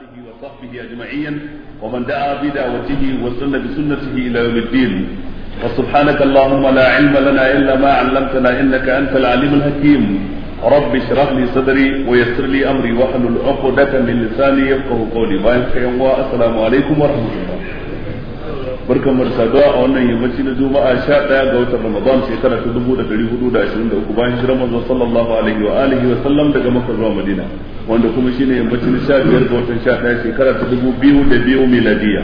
آله وصحبه أجمعين ومن دعا بدعوته وسن بسنته إلى يوم الدين وسبحانك اللهم لا علم لنا إلا ما علمتنا إنك أنت العليم الحكيم رب اشرح لي صدري ويسر لي أمري واحلل عقدة من لساني يفقه قولي ما السلام عليكم ورحمة الله barkan mu da a wannan yammaci na juma'a sha ɗaya ga watan ramadan shekara ta dubu da dari hudu da ashirin da uku bayan hijirar manzon sallallahu alaihi wa alihi wa sallam daga makka zuwa madina wanda kuma shine yammaci na sha biyar ga watan sha ɗaya shekara ta dubu biyu da biyu miladiya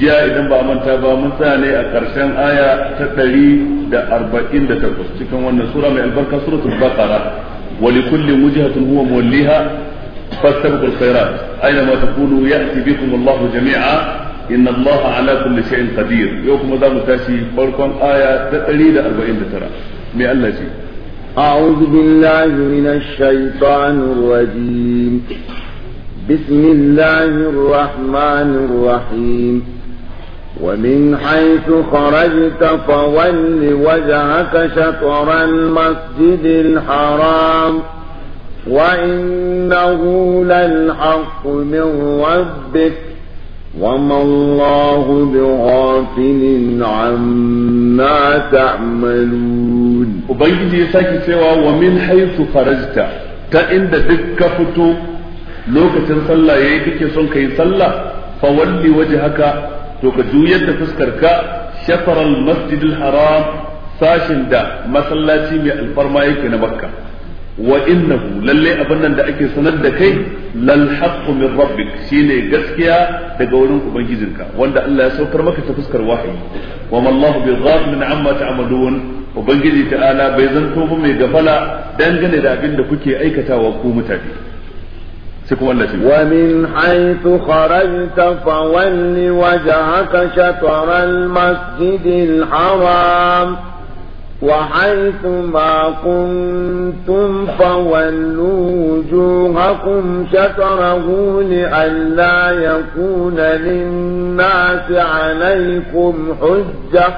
jiya idan ba a manta ba mun tsaya ne a ƙarshen aya ta ɗari da arba'in da takwas cikin wannan sura mai albarka suratul baqara ولكل وجهة هو موليها فاستبقوا aina أينما تكونوا يأتي بكم الله jami'a. إن الله على كل شيء قدير يوكم ذا متاشي فرقم آية تقريد أربعين ترى مي أعوذ بالله من الشيطان الرجيم بسم الله الرحمن الرحيم ومن حيث خرجت فول وجهك شطر المسجد الحرام وإنه للحق من ربك وما الله بغافل عما تعملون وبيجي ساكي سوى ومن حيث خرجت تأند دك فتو لوكة صلى يدك صلى صلى فولي وجهك توكجو يد فسكرك شطر المسجد الحرام sashin da masallaci mai alfarma yake na makka wa innahu lalle abin da ake sanar da kai lal haqqu min rabbik shine gaskiya daga wurin ubangijinka wanda Allah ya saukar maka ta fuskar wahayi wa mallahu bi ghafilin amma ta'malun ubangiji ta'ala bai zanto ba mai gafala dangane da abin da kuke aikatawa ku mutane ومن حيث خرجت فول وجهك شطر المسجد الحرام وحيث ما كنتم فولوا وجوهكم شكره لئلا يكون للناس عليكم حجة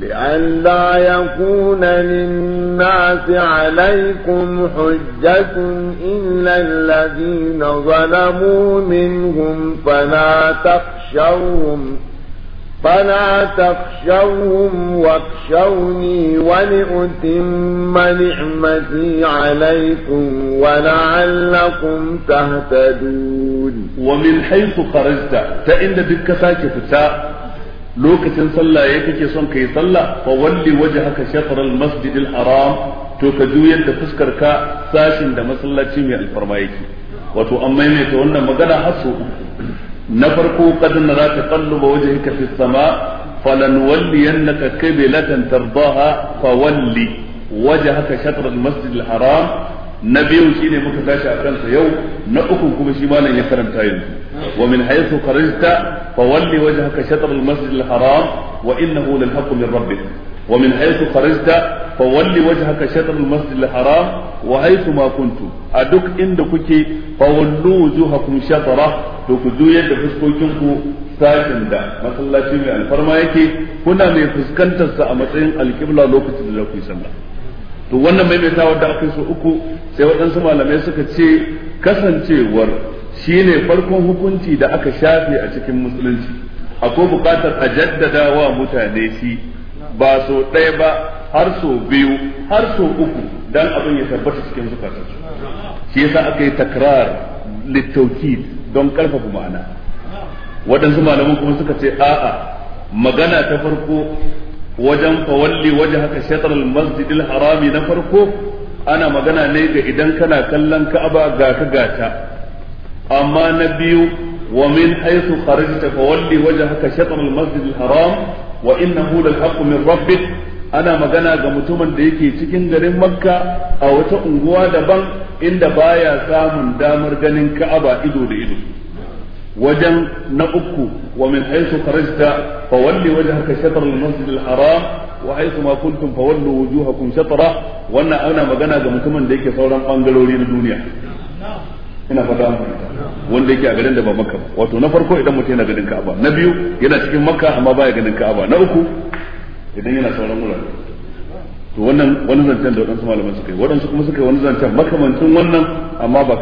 لئلا يكون للناس عليكم حجة إلا الذين ظلموا منهم فلا تخشوهم فلا تخشوهم واخشوني ولأتم نعمتي عليكم ولعلكم تهتدون ومن حيث خرجت فإن بك ساكت فتاء lokacin sallah ya kake son kai sallah fa walli wajhaka shatr al-masjid al-haram to ka juyar da fuskar ka da masallaci mai alfarma wato an maimaita wannan magana har sau uku na farko kadin da za ka kallo ba wajen ka fi sama falan walli yanna ka kebe latan tarbaha fa walli waje haka shatarar masjid haram na biyu shi ne muka tashi a kansa yau na uku kuma shi malam ya karanta yanzu wa min haisu kharajta fa walli waje haka shatarar masjid al-haram wa innahu lil haqqi min rabbika ومن حيث خرجت فولي وجهك شطر المسجد الحرام وحيث ما كنتم أدك إن دكوكي فولوا وجوهكم شطرة تكذو يد فسكوكينكو ساكن دا مثل الله شمي الفرما يكي كنا من فسكنت سأمتين الكبلة لوكت للوكي سلا to wannan maimaita wadda aka so uku sai waɗansu malamai suka ce kasancewar shine farkon hukunci da aka shafe a cikin musulunci akwai buƙatar a jaddada wa mutane shi ba so ɗaya ba har so biyu har so uku dan abin ya tabbata cikin su shi yasa aka yi takrar littauki don karfafa ma'ana waɗansu malaman kuma suka ce a'a magana ta farko wajen fawalli waje haka shatar masjidil harami na farko ana magana ne ga idan kana kallon ka'aba ga ka gata amma na biyu wa min haythu kharajta fawalli waje haka shatar masjidil haram wa innahu lal haqqu min rabbik ana magana ga mutumin da yake cikin garin makka a wata unguwa daban inda baya samun damar ganin ka'aba ido da ido wajen na uku wa min haythu kharajta fa walli wajhaka shatr al-masjid al-haram wa haythu ma kuntum fa wallu wujuhakum shatra wannan ana magana ga mutumin da yake sauran bangalori na duniya ina fata mun wanda yake a garin da ba makka ba wato na farko idan mutum yana ganin ka'aba na biyu yana cikin makka amma baya ganin ka'aba na uku idan yana sauran wurare to wannan wani zancen da waɗansu malaman suka yi waɗansu kuma suka yi wani zancen makamancin wannan amma ba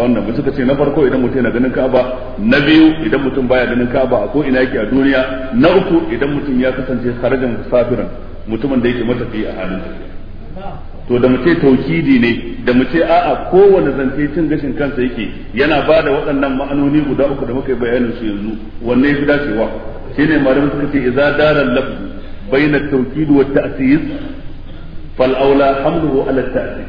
wannan ba suka ce na farko idan mutum yana ganin ka'aba na biyu idan mutum baya ganin ka'aba a ko ina yake a duniya na uku idan mutum ya kasance harajan safiran mutumin da yake matafi a halin tafiya to da mu ce taukidi ne da mu ce a'a kowane zance cin gashin kansa yake yana ba da waɗannan ma'anoni guda uku da muka yi bayanin su yanzu wanne yafi dacewa shine malamin suka ce idza dara lafzu baina tawkid wa ta'sis fal aula hamluhu ala ta'sis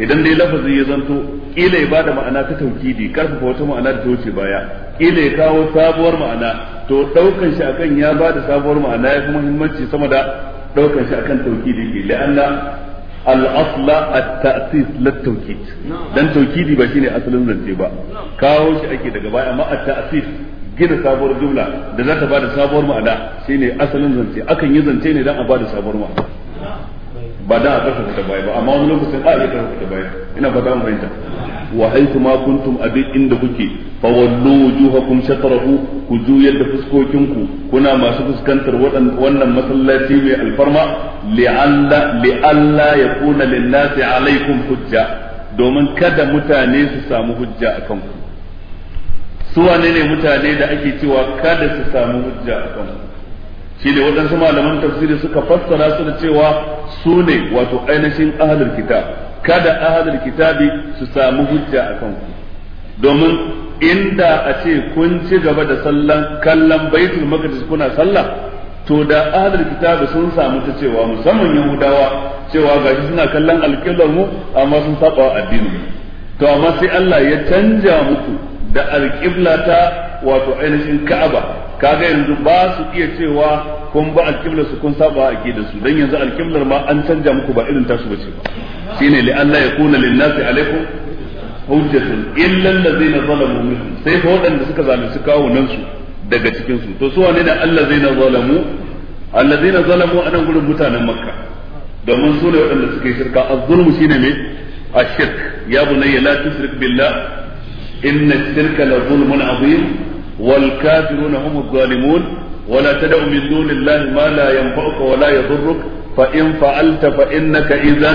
idan dai lafazi ya zanto kila ya bada ma'ana ta taukidi karfafa wata ma'ana da ta wuce baya kila ya kawo sabuwar ma'ana to daukan shi akan ya bada sabuwar ma'ana ya fi muhimmanci sama da daukan shi akan taukidi ke la'anna الأصل التأسيس للتوكيد دان توكيدي بشيني أصل الزنجيبا كاوش أكيد قبائع ما التأسيس gina sabuwar jumla da za ta bada sabuwar ma'ana shine asalin zance akan yi zance ne dan a ba da sabuwar ma'ana ba da a ƙarfafa ta baya ba amma wani lokacin a iya ƙarfafa ta baya ina ba za mu fahimta wa haythu ma kuntum abin inda kuke fa wallu wujuhakum shatrahu ku juyar da fuskokinku kuna masu fuskantar wannan masallaci mai alfarma li'alla li'alla yakuna lin alaikum hujja domin kada mutane su samu hujja akan ku su wane ne mutane da ake cewa kada su samu hujja akan ku ne waɗansu malaman tafsiri suka fassara su da cewa su ne wato ainihin ahlul kitab kada ahlul kitabi su samu hujja a kanku domin inda a ce kun ci gaba da sallan kallon baitul makadis kuna sallah to da ahlul kitabi sun samu ta cewa musamman yahudawa cewa gashi suna kallon alƙiblar mu amma sun saba addinin mu to amma sai Allah ya canja muku da alƙibla ta wato ainihin ka'aba kaga yanzu ba su iya cewa kun ba alkiblar su kun saba a da su dan yanzu alkiblar ma an canja muku ba irin tasu bace ba shine li Allah ya kuna lin nasi alaikum hujjatun illa allazina zalamu minkum sai fa wadanda suka zalunci kawo nan su daga cikin su to su wane ne allazina zalamu allazina zalamu anan gurin mutanen makka domin su ne wadanda suka yi shirka az-zulmu shine me ashirk ya bunayya la tushrik billah inna ash-shirka la zulmun azim والكافرون هم الظالمون ولا تدع من دون الله ما لا ينفعك ولا يضرك فإن فعلت فإنك إذا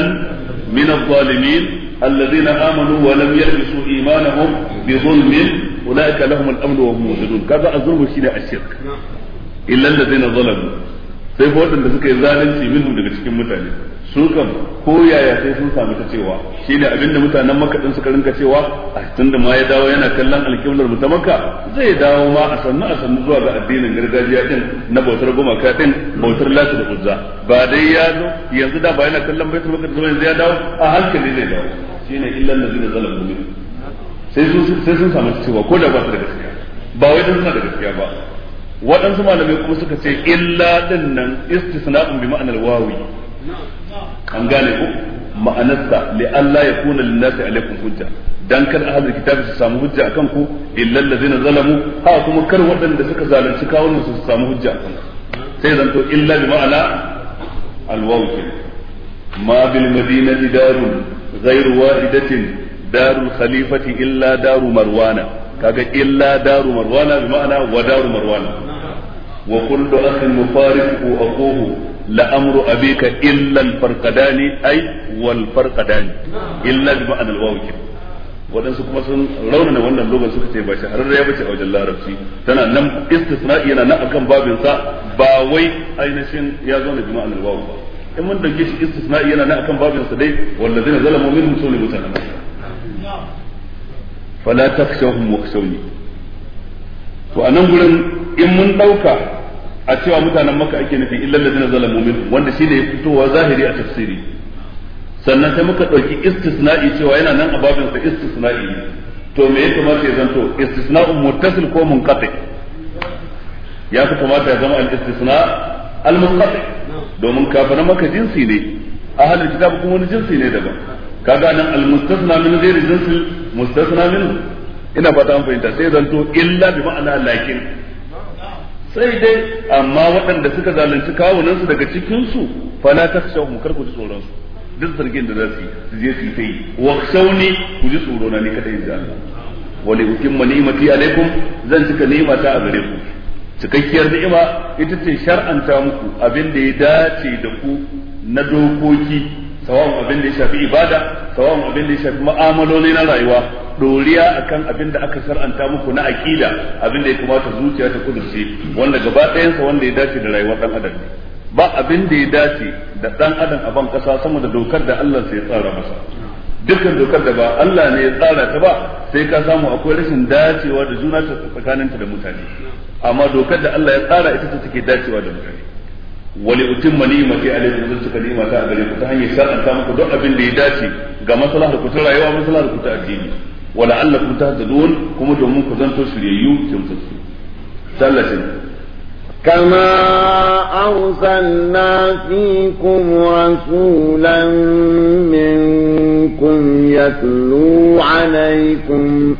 من الظالمين الذين آمنوا ولم يلبسوا إيمانهم بظلم أولئك لهم الأمن وهم مهتدون كذا الظلم شيء الشرك إلا الذين ظلموا sai fa waɗanda suka yi zalunci minhum daga cikin mutane su kan ko yaya sai sun sami ta cewa shi ne abinda mutanen makaɗin suka rinka cewa a ah, cikin da ma ya dawo yana kallon alƙiblar mu ta maka zai dawo ma a sannu a sannu zuwa ga addinin gargajiya din na bautar gumaka din bautar lati da uzza ba dai ya zo yanzu da ba yana kallon baitul maqdis ba yanzu ya dawo a hankali zai dawo shine illan ladina zalamu mu sai sun sai sun samu cewa ko da ba su da gaskiya ba wai dan suna da gaskiya ba waɗansu malamai kuma suka ce illa din nan istisna'un bi ma'anar wawi an gane ku ma'anarsa li Allah ya kuna lin nasi alaikum hujja dan kar ahlul kitabi su samu hujja akan ku illal ladzina zalamu ha kuma kar waɗanda suka zalunci kawunan su samu hujja akan ku sai zanto illa bi ma'ana alwaw ma bil madinati darun ghairu wahidatin darul khalifati illa daru marwana kaga illa daru marwana bi ma'ana wa daru marwana wa kullu akhin mufariquhu aquhu لأمر أبيك إلا الفرقدان أي والفرقدان إلا بمعنى الواو waɗansu kuma sun raunana wannan logan suka ce ba shahararriya bace a wajen larabci tana nan istisna'i yana nan akan babin sa ba wai ainihin ya zo na jima'an alwawu ba in mun dauke shi istisna'i yana nan akan babin sa dai wallazina zalamu minhum sunu mutanen fala takshawhum wakhshawni to anan gurin in mun dauka a cewa mutanen maka ake nufi illal ladina zalamu min wanda shine ya fitowa zahiri a tafsiri sannan sai muka dauki istisna'i cewa yana nan a babin sa istisna'i to me ya kamata ya zanto istisna'un muttasil ko munqati ya fi kamata ya zama al istisna al munqati domin kafaran maka jinsi ne ahlul kitab kuma wani jinsi ne daban kaga nan al mustasna min ghairi jinsi mustasna minhu ina fata an fahimta sai zanto illa bi ma'ana lakin sai dai amma waɗanda suka zalunci kawunansu daga cikin su fala takhshawhum kar ku ji tsoron su duk zargin da za su yi je su yi ta yi wa shauni ku ji tsoro na ni kadai inda Allah wa ma utimma ni'mati alaikum zan cika ni'ima ta a gare ku cikakkiyar ni'ima ita ce shar'anta muku abin da ya dace da ku na dokoki tsawon abin da ya shafi ibada tsawon abin da ya shafi ma'amaloli na rayuwa doriya akan abin da aka shar'anta muku na aqida abin da ya kamata zuciya ta kudurce wanda gaba ɗayansa wanda ya dace da rayuwar dan adam ba abin da ya dace da dan adam a ban ƙasa sama da dokar da Allah sai ya tsara masa dukkan dokar da ba Allah ne ya tsara ta ba sai ka samu akwai rashin dacewa da juna tsakaninta da mutane amma dokar da Allah ya tsara ita ce take dacewa da mutane wani utim mani mati alaikum zai suka ni'ima ta gare ku ta hanyar shar'anta muku duk abin da ya dace ga maslahar ku ta rayuwa maslahar ku ta addini wala allakum tahtadun kuma domin ku zanto shiryayyu kimtsatsu sallatin كما أرسلنا فيكم رسولا منكم يتلو عليكم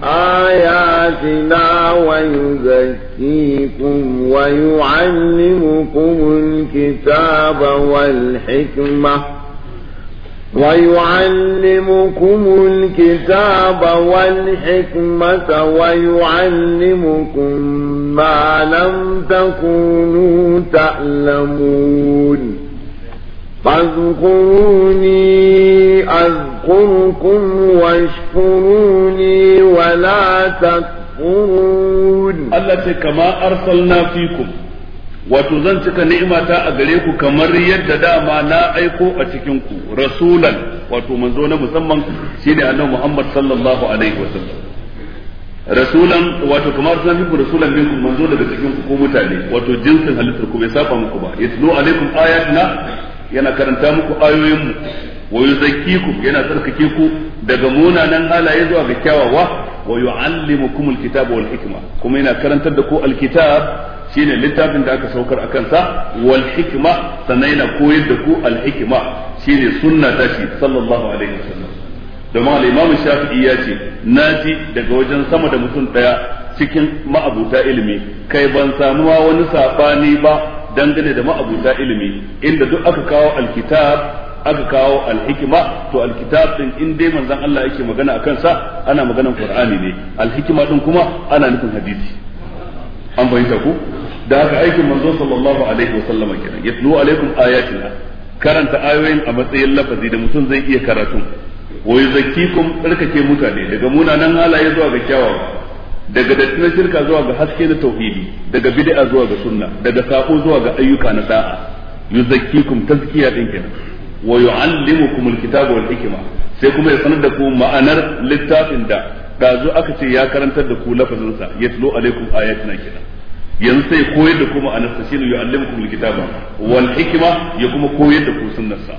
آياتنا ويزكيكم ويعلمكم الكتاب والحكمة ويعلمكم الكتاب والحكمة ويعلمكم ما لم تكونوا تعلمون فاذكروني أذكركم واشكروني ولا تكفرون التي كما أرسلنا فيكم wato zan cika ni'imata a gare ku kamar yadda dama na aiko a cikin ku rasulan wato manzo na musamman shine annabi Muhammad sallallahu alaihi wasallam rasulan wato kamar zan ku rasulan minkum manzo daga cikin ku ko mutane wato jinsin halittar ku bai saba muku ba yatlu alaikum ayatina yana karanta muku ayoyin mu wa yuzakkikum yana tsarkake ku daga munanan halaye zuwa ga kyawawa wa yu'allimukumul kitaba wal hikma kuma yana karantar da ku alkitab shine littafin da aka saukar akan sa wal hikma sannan koyar da ku al hikma shine sunna ta shi sallallahu alaihi wasallam domin al-imam shafi'i ya ce na ji daga wajen sama da mutum daya cikin ma'abuta ilimi kai ban samu wani sabani ba dangane da ma'abuta ilimi inda duk aka kawo alkitab aka kawo alhikima to alkitab din in dai manzon Allah yake magana akan sa ana maganan qur'ani ne alhikima din kuma ana nufin hadisi an bayyana ku da haka aikin manzo sallallahu alaihi wa wasallama kenan yatlu alaikum ayatina karanta ayoyin a matsayin lafazi da mutum zai iya karatu wa yuzakkikum tsarkake mutane daga munanan halaye zuwa ga kyawawa daga dattin shirka zuwa ga haske da tauhidi daga bid'a zuwa ga sunna daga sako zuwa ga ayyuka na da'a yuzakkikum tazkiya din kenan wa yu'allimukum alkitaba wal hikma sai kuma ya sanar da ku ma'anar littafin da dazu aka ce ya karantar da ku lafazin sa yatlu alaikum ayatina kenan yanzu sai koyar da kuma anastashin yu'allimukum alkitaba wal hikima ya kuma koyar da ku sunnarsa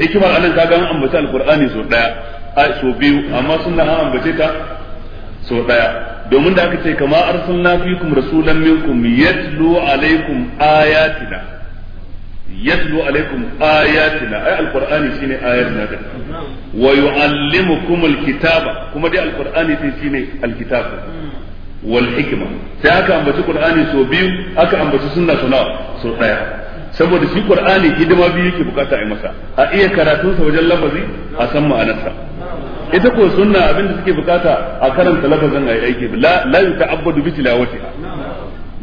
hikimar anan ta ga an ambaci alqur'ani so daya a so biyu amma sunna an ambace ta so daya domin da aka ce kama arsalna fikum rasulan minkum yatlu alaikum ayatina yatlu alaikum ayatina ay alqur'ani shine ayatina da wa yuallimukum alkitaba kuma dai alqur'ani sai shine alkitab wal sai aka ambaci qur'ani so biyu aka ambaci sunna so nawa ɗaya. saboda si qur'ani hidima biyu ke bukata a masa a iya karatun sa wajen lafazi a san ma'anarsa ita ko sunna abin da suke bukata a karanta lafazin ayi aiki la la yuta'abbadu bi tilawatiha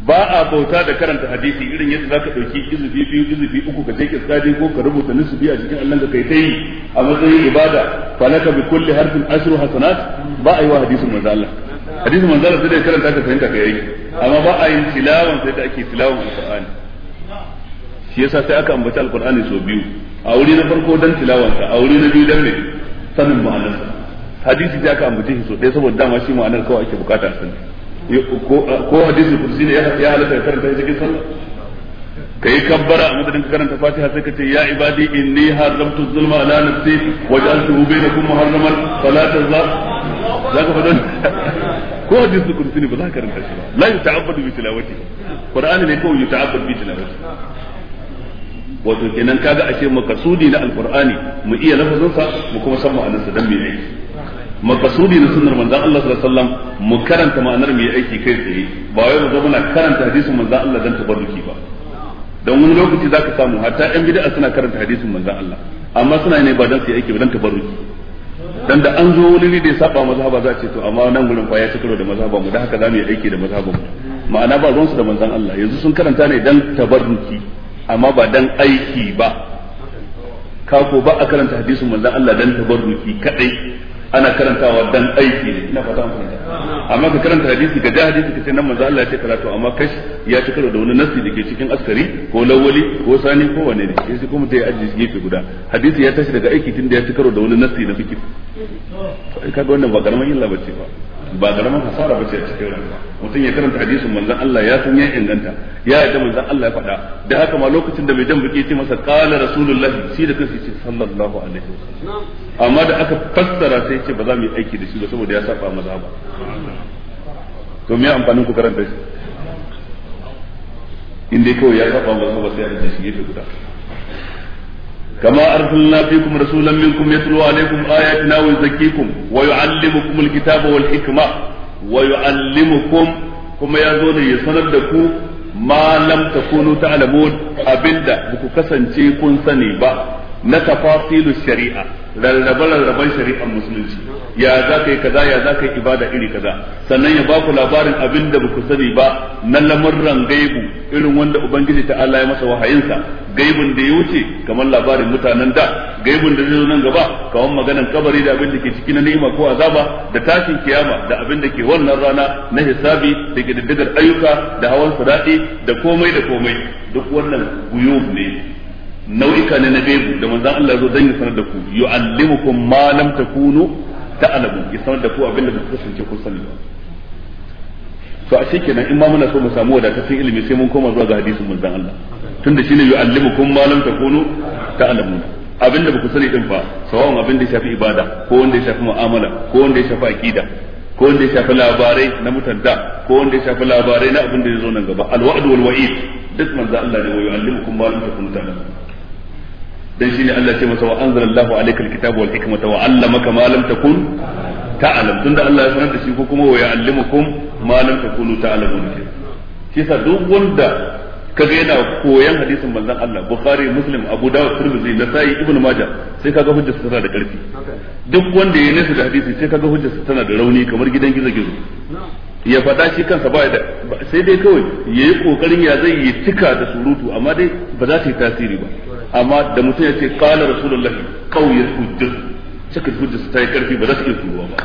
ba a bauta da karanta hadisi irin yadda za ka ɗauki izi biyu izufi uku ka je kiskadi ko ka rubuta biyu a cikin Allah ka kai ta yi a matsayin ibada falaka bi kulle harfin ashru hasanat ba a yi wa hadisin manzo hadisin manzo Allah sai dai karanta ka fahimta ka yayi amma ba a yin tilawan sai da ake tilawan alqur'ani shi yasa sai aka ambaci alqur'ani so biyu a wuri na farko dan tilawansa a wuri na biyu dan ne sanin ma'anar hadisi da aka ambace shi so ɗaya saboda dama shi ma'anar kawai ake bukata a sani ko hadisi kursi ne ya halatta ya karanta shi cikin sallah kai kabbara a madadin karanta fatiha sai ka ce ya ibadi inni haramtu zulma ala nafsi wa bainakum muharraman fala tazza za ka faɗa ko hadisi kudusi ne ba za ka karanta shi ba la yuta'abbadu bi tilawati qur'ani ne kawai yuta'abbadu bi tilawati wato kenan kaga ashe makasudi na alqur'ani mu iya lafazin sa mu kuma san ma'anar sa dan me aiki makasudi na sunnar manzon Allah sallallahu alaihi wasallam mu karanta ma'anar mu aiki kai tsaye ba wai mu zo muna karanta hadisin manzon Allah dan tabarruki ba dan wani lokaci zaka samu hatta yan bid'a suna karanta hadisin manzon Allah amma suna ne ba dan su yi aiki ba dan tabarruki dan da an zo wani da ya saba mazhaba za ce to amma nan gurin fa ya ci karo da mazhaba mu da haka zamu mu yi aiki da mazhaban mu ma'ana ba su da manzon Allah yanzu sun karanta ne dan tabarruki amma ba dan aiki ba kako ba a karanta hadisin manzon Allah dan tabarruki kadai ana karantawa dan aiki ne ina fata mun fahimta amma ka karanta hadisi ga da hadisi kace nan manzo Allah ya ce karatu amma kash ya ci karo da wani nasi dake cikin askari ko lawali ko sani ko wane ne sai kuma ta yi aji gefe guda hadisi ya tashi daga aiki tun da ya ci karo da wani nasi na fikir kaga wannan ba karaman illa bace ba ba karamin hasara ba ce a cikin rayuwa mutum ya karanta hadisin manzon Allah ya san ya inganta ya yadda manzon Allah ya faɗa da haka ma lokacin da mai jan baki ce masa qala rasulullahi shi da kansa ce sallallahu alaihi wasallam amma da aka fassara sai ce ba za mu yi aiki da shi ba saboda ya saba maza ba to me amfanin ku karanta shi in dai kawai ya saba maza ba sai a ji shi gefe guda كما أرسلنا فيكم رسولا منكم يتلو عليكم آياتنا ويزكيكم ويعلمكم الكتاب والحكمة ويعلمكم كما يزول يسندكم ما لم تكونوا تعلمون أبدا بكو كسن شيء كن سني با na tafasilu shari'a rarrabe rarraben shari'ar musulunci ya za ka yi kaza ya za ka yi ibada iri kaza sannan ya baku labarin abin da baku sani ba na lamurran gaibu irin wanda ubangiji ta Allah ya masa wahayinsa gaibun da ya wuce kamar labarin mutanen da gaibun da zai zo nan gaba kamar maganan kabari da abin da ke ciki na ni'ima ko azaba da tashin kiyama da abin da ke wannan rana na hisabi da diddigar ayyuka da hawan sirati da komai da komai duk wannan guyub ne nau'ika ne na bebu da manzan Allah zo dan ya sanar da ku yu'allimukum ma lam takunu ta'lamu ya sanar da ku abin da kuka sanke kun sani to a kenan in ma muna so mu samu wadataccen ilimi sai mun koma zuwa ga hadisin manzan Allah tunda shine yu'allimukum ma lam takunu ta'lamu abinda ba ku sani din fa sawan abin da ya shafi ibada ko wanda ya shafi mu'amala ko wanda ya shafi aqida ko wanda ya shafi labarai na mutanda ko wanda ya shafi labarai na abin da ya zo nan gaba alwa'd wal wa'id duk manzo Allah ne wa yu'allimukum ma lam takunu ta'lamun dan shine Allah ce masa wa anzalallahu alaykal kitaba wal hikmata wa 'allamaka ma lam takun ta'lam tunda Allah ya sanar da shi ko kuma wa ya'allimukum ma lam takunu ta'lamun shi sa duk wanda kaga yana koyan hadisin manzon Allah Bukhari Muslim Abu Dawud Tirmidhi Nasa'i Ibn Majah sai kaga hujjar tana da karfi duk wanda ya nesa da hadisi sai kaga hujjar tana da rauni kamar gidan gizo gizo ya faɗa shi kansa ba da sai dai kawai yayi kokarin ya zai yi cika da surutu amma dai ba za ta yi tasiri ba amma da mutum ya ce qala rasulullahi hujjar hujjat hujjar su ta yi karfi ba za su iya turuwa ba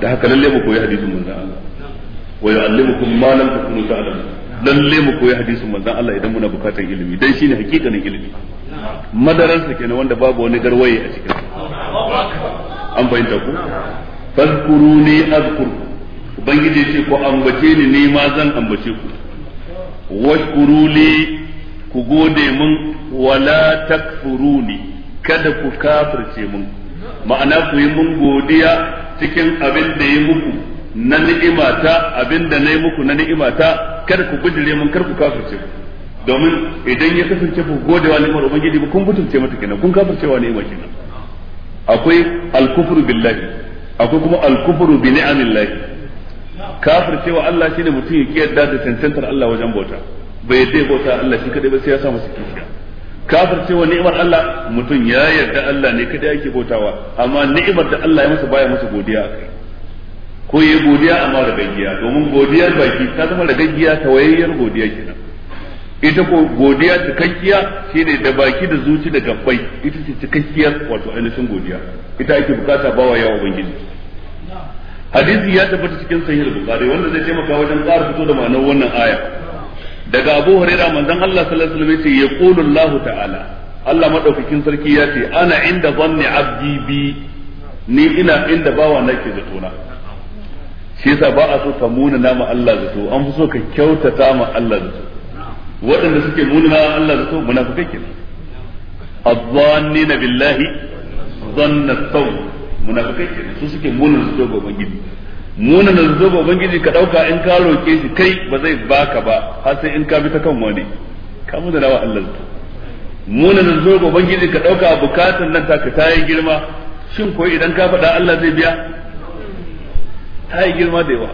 da haka lalle mu koyi hadisin manzan Allah wa yu'allimukum ma lam takunu ta'lamun lalle mu koyi hadisin manzan Allah idan muna bukatar ilimi dan shine hakikanin ilimi madaransa kenan wanda babu wani garwaye a cikin an fahimta ku fadkuruni azkur ubangiji ce ko ambace ni ne ma zan ambace ku washkuru li ku gode mun wala takfuruni kada ku kafirce mun ma'ana ku yi mun godiya cikin abin da yi muku na ni'imata abin da na yi muku na ni'imata kada ku bijire mun kar ku kafirce mu domin idan ya kasance ku gode wa ni'imar ubangiji ba kun butulce mata kenan kun kafirce wa ni'ima kenan akwai alkufru billahi akwai kuma alkufru bi ni'amillahi kafirce wa Allah shine mutum ya kiyar da tantantar Allah wajen bauta bai yadda bauta Allah shi kadai ba sai ya sa masa kishiya kafir cewa ni'imar Allah mutum ya yarda Allah ne kadai yake bautawa amma ni'imar da Allah ya masa baya masa godiya ko yayi godiya amma gaggiya domin godiyar baki ta zama ta wayayyar godiya kenan ita ko godiya cikakkiya shine da baki da zuci da gabbai ita ce cikakkiyar wato ainihin godiya ita ake bukata bawa yawa ubangiji hadisi ya tabbata cikin sahih al-bukhari wanda zai taimaka wajen ƙara fito da ma'anar wannan aya daga Abu Hurairah manzon Allah sallallahu alaihi wasallam yace yaqulu Allah ta'ala Allah madaukakin sarki ya ce ana inda zanni abdi bi ni ina inda bawa nake da tona shi yasa ba a so ka muna nama Allah zato an fi so ka kyautata ma Allah zato waɗanda suke muna nama Allah zato munafikai kenan na billahi zanna saw munafikai kenan su suke muna zato ga ubangiji muna na babban ubangiji ka dauka in ka roke shi kai ba zai baka ba har sai in ka bi ta kan wani ka mu da rawa Allah ta muna na babban ubangiji ka dauka bukatun nan ka ta yi girma shin ko idan ka faɗa Allah zai biya ta yi girma da yawa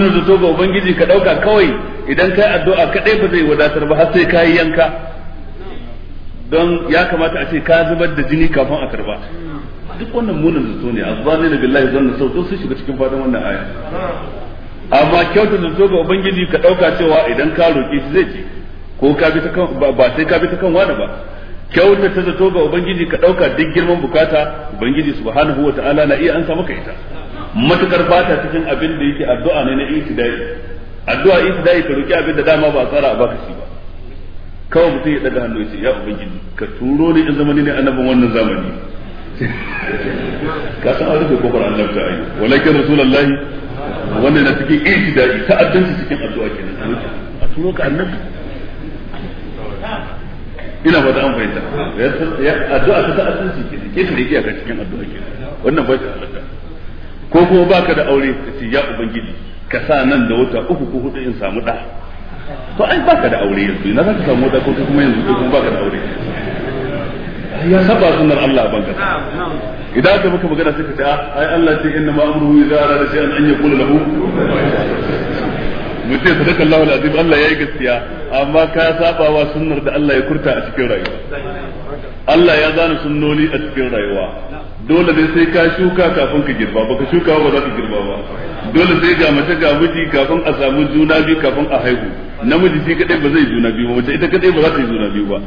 da zato babban ubangiji ka dauka kawai idan kai addu'a kadai ba zai wadatar ba har sai ka yi yanka don ya kamata a ce ka zubar da jini kafin a karba duk wannan munin zato ne azzani na billahi zanna sau duk sun shiga cikin fadin wannan aya amma kyautar zato ga ubangiji ka dauka cewa idan ka roƙe shi zai ji ko ka bi ta kan ba sai ka bi ta kan wani ba kyautar ta zato ga ubangiji ka dauka duk girman bukata ubangiji subhanahu wataala na iya ansa maka ita matukar bata cikin abin da yake addu'a ne na itidai addu'a itidai ka roƙi abin da dama ba tsara a baka shi ba kawai mutum ya daga hannu ya ce ya ubangiji ka turo ni in zama ne annabin wannan zamani ka san an rufe kofar ta ayi walakin rasulullahi wannan na cikin ihtidai ta'addanci cikin addu'a kenan a turo ka annabi ina ba da an fahimta addu'a ta ta'addanci kenan ke tare iyaka cikin addu'a kenan wannan ba ta halatta ko kuma baka da aure ka ce ya ubangiji ka sa nan da wata uku ko hudu in samu da to ai baka da aure yanzu na za ka samu da ko kuma yanzu ko kuma baka da aure ya saba sunnar Allah ban ka idan aka maka magana sai ka ce ah, ai Allah ce inna ma amruhu idza arada shay'an an yaqula lahu mutum sadaka Allah alazim Allah yayi gaskiya amma ka saba wa sunnar da Allah ya kurta a cikin rayuwa Allah ya zana sunnoni a cikin rayuwa dole ne sai ka shuka kafin ka girba baka shuka ba za ka girba ba dole sai ga mace ga miji kafin a samu juna biyu kafin a haihu namiji shi kadai ba zai juna biyu ba mace ita kadai ba za ta yi juna biyu ba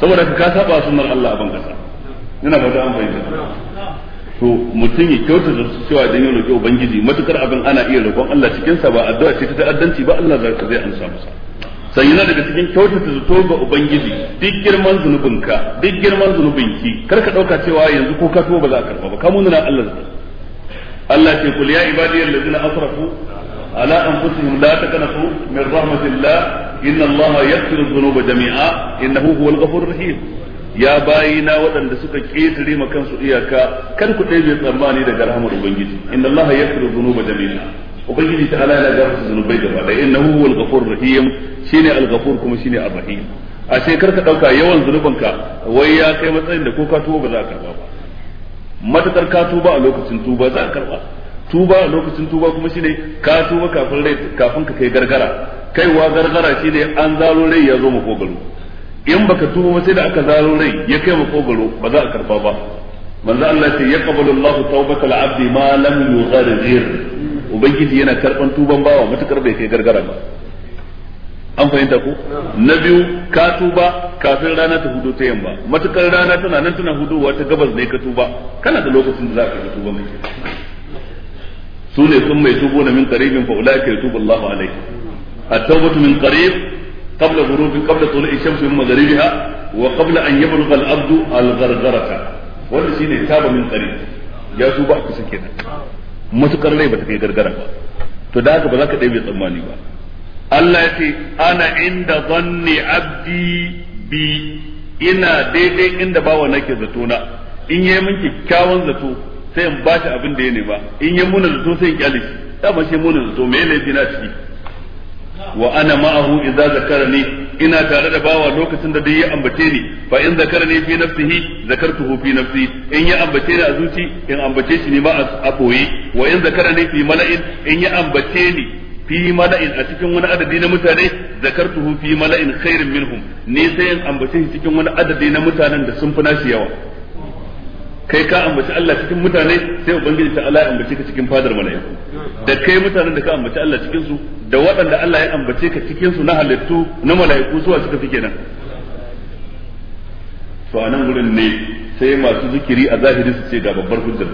saboda ka saba sunnar Allah a ban kasa ina fata an fahimta to mutum ya kyauta da cewa dan wani roki ubangiji matukar abin ana iya roƙon Allah cikin sa ba addu'a ce ta ta'addanci ba Allah zai zai amsa masa sai yana daga cikin kyauta ta zato ga ubangiji duk girman zunubinka duk girman zunubinki kar ka dauka cewa yanzu ko ka tuba ba za ka karba ba ka munana Allah Allah ce kul ya ibadiyal ladina asrafu على أنفسهم لا تكنسوا من رحمة الله إن الله يغفر الذنوب جميعا إنه هو الغفور الرحيم ya bayina waɗanda suka ƙetare ma kansu iyaka kan ku ɗaya tsammani daga rahamar ubangiji inna allaha yaghfiru dhunuba jami'a ubangiji ta ala yana gafarta zunubai gaba da innahu huwal ghafurur rahim shine al ghafur kuma shine ar rahim a sai kar ka dauka yawan zunubanka wai ya kai matsayin da ko ka tuba ba za ka karba ba matakar ka tuba a lokacin tuba za ka karba tuba lokacin tuba kuma shine ka tuba kafin rai kafin ka kai gargara kaiwa gargara shine an zaro rai ya zo makogaro in baka tuba ba sai da aka zaro rai ya kai makogaro ba za a karba ba manzo Allah sai yaqbalu Allahu al abdi ma lam yughadir ubangiji yana karban tuban bawa matukar bai kai gargara ba an fahimta ko na biyu ka tuba kafin rana ta hudu ta yamma matukar rana tana nan tana hudowa ta gabas ne ka tuba kana da lokacin da za ka tuba mai sune sun mai tubu na min qaribin fa ulaika yatubu Allahu alaihi at-tawbatu min qarib qabla ghurubi qabla tulu'i shamsi min magharibiha wa qabla an yablugha al-abdu al-ghargharata wannan shine taba min qarib ya tuba ku sake nan matukar rai bata kai gargara ba to da haka ba za ka ɗaya bai tsammani ba Allah ya ce ana inda zanni abdi bi ina daidai inda bawa nake zato na in yayi min kyakkyawan zato sai in ba shi abin da ya nema in ya munar zato sai in kyale shi dama shi munar zato me laifi na ciki wa ana ma'ahu idza zakarani ina tare da bawa lokacin da dai ya ambace ni fa in zakarani fi nafsihi zakartuhu fi nafsi in ya ambace ni a zuci in ambace shi ne ma a koyi. wa in zakarani fi mala'in in ya ambace ni fi mala'in a cikin wani adadi na mutane zakartuhu fi mala'in khairin minhum ni sai in ambace shi cikin wani adadi na mutanen da sun fi nashi yawa kai ka ambaci Allah cikin mutane sai ubangiji ta Allah ya ambace ka cikin fadar mala'iku da kai mutanen da ka ambaci Allah cikin su da waɗanda Allah ya ambace ka cikin su na halittu na mala'iku suwa suka fi kenan to anan gurin ne sai masu zikiri a zahiri su ce ga babbar hujjar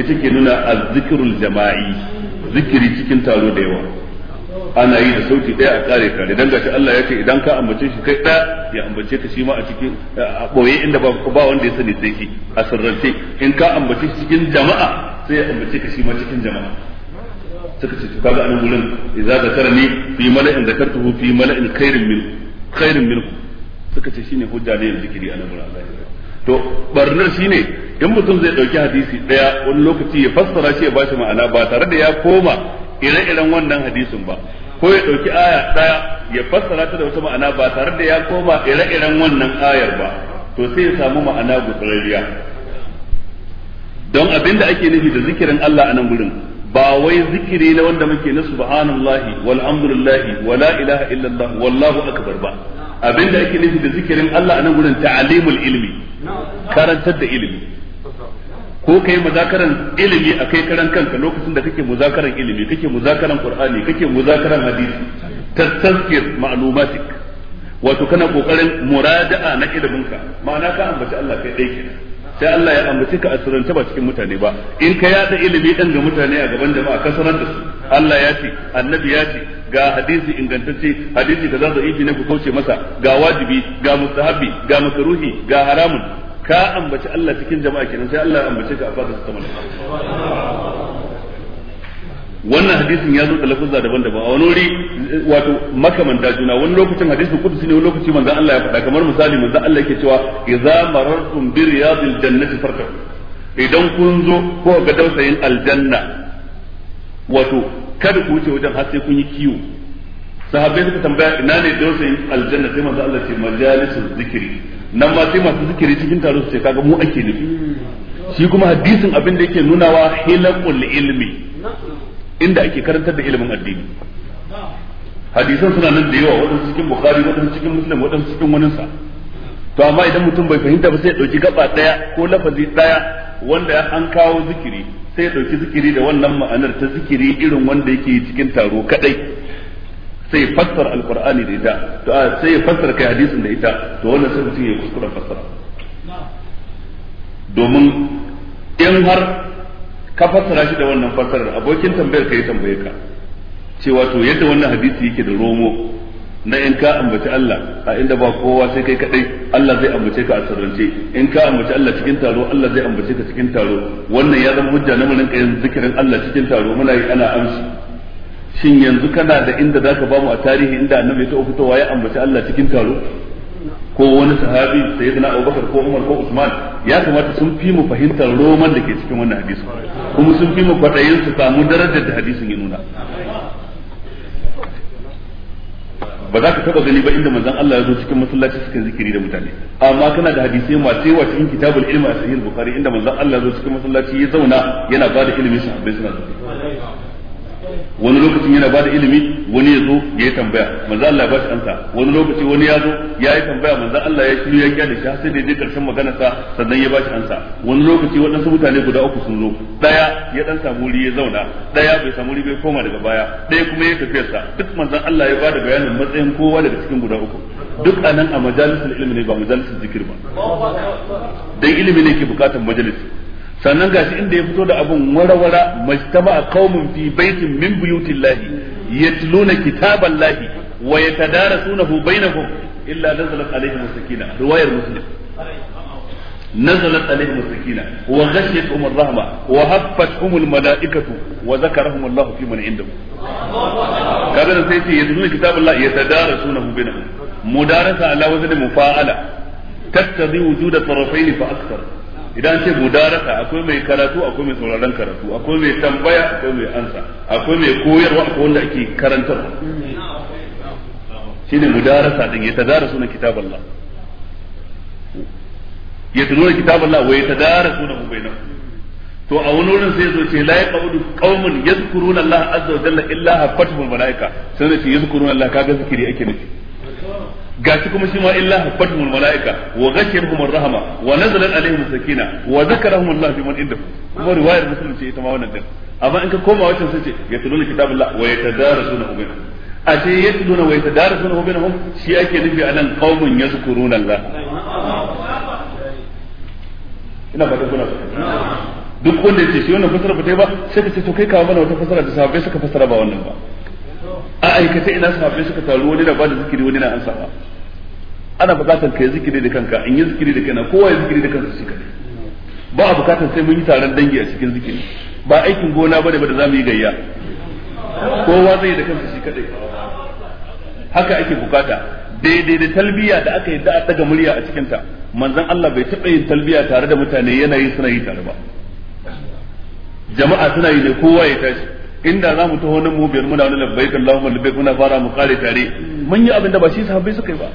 ita ke nuna azzikrul jama'i zikiri cikin taro da yawa ana yi da sauti daya a kare ka ga shi Allah ya ce idan ka ambace shi kai da ya ambace ka shi ma a cikin a boye inda ba ba wanda ya sani sai shi a sirrance in ka ambace shi cikin jama'a sai ya ambace ka shi ma cikin jama'a suka ce kaga an gurin idza zakarni fi mala'in zakartuhu fi mala'in khairin min khairin min suka ce shine hujja ne zikiri anan gurin Allah to barnar shine in mutum zai dauki hadisi daya wani lokaci ya fassara shi ya bashi ma'ana ba tare da ya koma ire-iren wannan hadisin ba ko ya ɗauki aya ɗaya ya fassara ta da wata ma'ana ba tare da ya koma ire-iren wannan ayar ba to sai ya samu ma'ana gutsararriya don abin da ake nufi da zikirin Allah a nan gurin ba wai zikiri na wanda muke na subhanallahi wa wala ilaha illallah wallahu akbar ba abin da ake nufi da zikirin Allah a nan gurin ta'alimul ilmi karantar da ilimi ko kai muzakaran ilimi a kai karan kanka lokacin da kake muzakaran ilimi kake muzakaran qur'ani kake muzakaran hadisi tastazkir ma'lumatik wato kana kokarin murada'a na iliminka ma'ana ka ambaci Allah kai dai kenan sai Allah ya ambaci ka asiranta ba cikin mutane ba in ka yada ilimi din ga mutane a gaban jama'a ka sanar da su Allah ya ce annabi ya ce ga hadisi ingantacce hadisi za da yi ne ku kauce masa ga wajibi ga mustahabi ga makruhi ga haramun ka ambaci Allah cikin jama'a kenan sai Allah ya ambace ka a fadar ta mallaka wannan hadisin ya zo da lafuzza daban-daban a wani wuri wato makamanta juna wani lokacin hadisin kudusi ne wani lokaci manzon Allah ya faɗa kamar misali manzon Allah yake cewa idza marartum bi riyadil jannati fartahu idan kun zo ko ga dausayin aljanna wato kada ku wuce wajen har sai kun yi kiwo sahabbai suka tambaya ina ne dausayin aljanna sai manzon Allah ya ce majalisul zikri nan ma sai masu zikiri cikin taro su ce kaga mu ake nufi shi kuma hadisin abin da yake nunawa hilakul ilmi inda ake karantar da ilimin addini hadisan suna nan da yawa wadansu cikin bukhari wadansu cikin muslim wadansu cikin wani sa to amma idan mutum bai fahimta ba sai ya dauki gaba daya ko lafazi daya wanda an kawo zikiri sai ya dauki zikiri da wannan ma'anar ta zikiri irin wanda yake cikin taro kadai sai fassara alkur'ani da ita to sai fassara kai hadisin da ita to wannan sai mutum ya kuskura fassara domin in har ka fassara shi da wannan fassarar abokin tambayar ka yi tambaye ka cewa to yadda wannan hadisi yake da romo na in ka ambaci Allah a inda ba kowa sai kai kadai Allah zai ambace ka a sirrance in ka ambaci Allah cikin taro Allah zai ambace ka cikin taro wannan ya zama hujja na mun rinka yin zikirin Allah cikin taro muna yi ana amshi shin yanzu kana da inda za ba bamu a tarihi inda annabi ya taɓa fitowa ya ambaci Allah cikin taro ko wani sahabi sayyidina Abubakar ko Umar ko Usman ya kamata sun fi mu fahimtar roman da ke cikin wannan hadisi kuma sun fi mu kwadayin su samu darajar da hadisin ya nuna ba za ka taba gani ba inda manzon Allah ya zo cikin masallaci suka zikiri da mutane amma kana da hadisai sai wa cikin kitabul ilmi a sahih bukhari inda manzon Allah ya zo cikin masallaci ya zauna yana ba da ilimi ilimin bai suna zikiri wani lokacin yana bada ilimi wani ya zo ya yi tambaya manzo Allah ba shi ansa wani lokaci wani ya zo ya yi tambaya manzo Allah ya shiru ya da shi sai da ya je karshen magana sa sannan ya ba shi ansa wani lokaci wadansu mutane guda uku sun zo daya ya dan samu wuri ya zauna daya bai samu wuri bai koma daga baya daya kuma ya tafiyar sa duk manzo Allah ya bada bayanin matsayin kowa daga cikin guda uku duk anan a majalisul ilmi ne ba majalisul zikir ba dan ilimi ne ke bukatar majalisi sannan gashi inda ya fito da abun warawara majtama'a qaumun fi baitin min buyutillahi yatluna lahi, wa yatadarasunahu bainahum illa nazalat alaihim sakina riwayar muslim نزلت عليهم السكينة وغشيتهم الرحمة وهفتهم الملائكة وذكرهم الله في من عنده كابن سيتي يدلون كتاب الله يتدارسونه بينهم مدارسة على وزن مفاعلة تقتضي وجود طرفين فأكثر idan ce gudarata akwai mai karatu akwai mai sauraron karatu akwai mai tambaya akwai mai ansa akwai mai koyarwa akwai wanda ake karantarwa ne gudarata din ya tadarasu na kitab Allah ya tadarasu kitab Allah wa ya suna na bainahum to a wani wurin sai zo ce la yaqbudu qaumun yadhkuruna Allah azza wa jalla illa hafathu malaika sai ne yadhkuruna Allah kaga zikiri ake nufi gashi kuma shi ma illa hafatul malaika wa ghashiyahum rahama wa nazalat alaihim sakina wa zakarahum Allah fi man indahu kuma riwayar muslim ce ita ma wannan din amma in ka koma wacin sai ce yatluna kitaballah wa yatadarasuna bainahum ya yatluna wa yatadarasuna bainahum shi ake nufi anan qaumun yazkuruna Allah ina fatan kuna duk wanda yace shi wannan fasara ba ta yi ba sai ka ce to kai kawo mana wata fasara da sahabbai suka fasara ba wannan ba a aikata ina sahabbai suka taru wani na bada zikiri wani na ansawa ana bukatar kai zikiri da kanka in yi zikiri da kaina kowa ya zikiri da kansa shi kadai ba a bukatar sai mun yi taron dangi a cikin zikiri ba aikin gona bane ba da zamu yi gayya kowa zai yi da kansa shi kadai haka ake bukata daidai da talbiya da aka yi da a daga murya a cikin ta manzon Allah bai taɓa yin talbiya tare da mutane yana yi suna yi tare ba jama'a suna yi ne kowa ya tashi inda za mu taho nan mu biyar muna wani labbaik Allahumma labbaik muna fara mu kare tare mun yi abin da ba shi sahabbai suka yi ba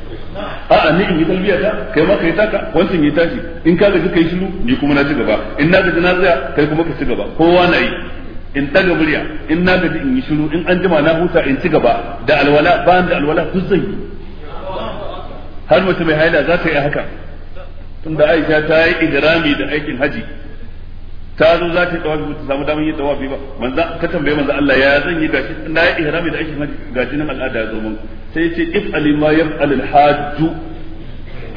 a'a ni in yi talbiya ta kai ma kai taka wancan yi tashi in ka gaji kai shiru ni kuma na ci gaba in na gaji na tsaya kai kuma ka ci gaba kowa na yi in daga murya in na gaji in yi shiru in an jima na huta in ci gaba da alwala bayan da alwala duk zan yi har mace mai haila za ta yi haka tunda Aisha ta yi igrami da aikin haji ta zo za ta yi tawafi ba ta samu damar yin tawafi ba manza ka tambaye manza Allah ya zan yi gashi na yi ihrami da aikin haji gashi nan al'ada ya zo mun sai ya ce if'ali ma yaf'al al-hajj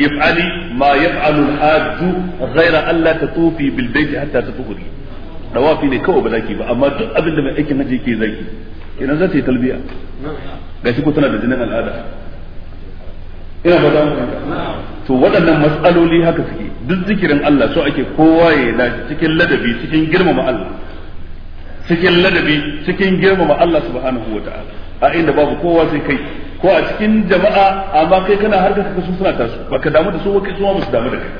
if'ali ma yaf'al al-hajj ghaira alla tatufi bil bayt hatta tatuhuri tawafi ne kawai ba zaki ba amma duk abin da mai aikin haji yake zaki idan za ta yi talbiya gashi ko tana da jinin al'ada ina ba za mu to waɗannan matsaloli haka suke duk zikirin Allah so ake kowa ya lafi cikin ladabi cikin girmama Allah cikin ladabi cikin girmama Allah subhanahu wata'ala a inda babu kowa sai kai ko a cikin jama'a amma kai kana harkar ka kasu suna tasu ka damu da su ba kai su ma ba su damu da kai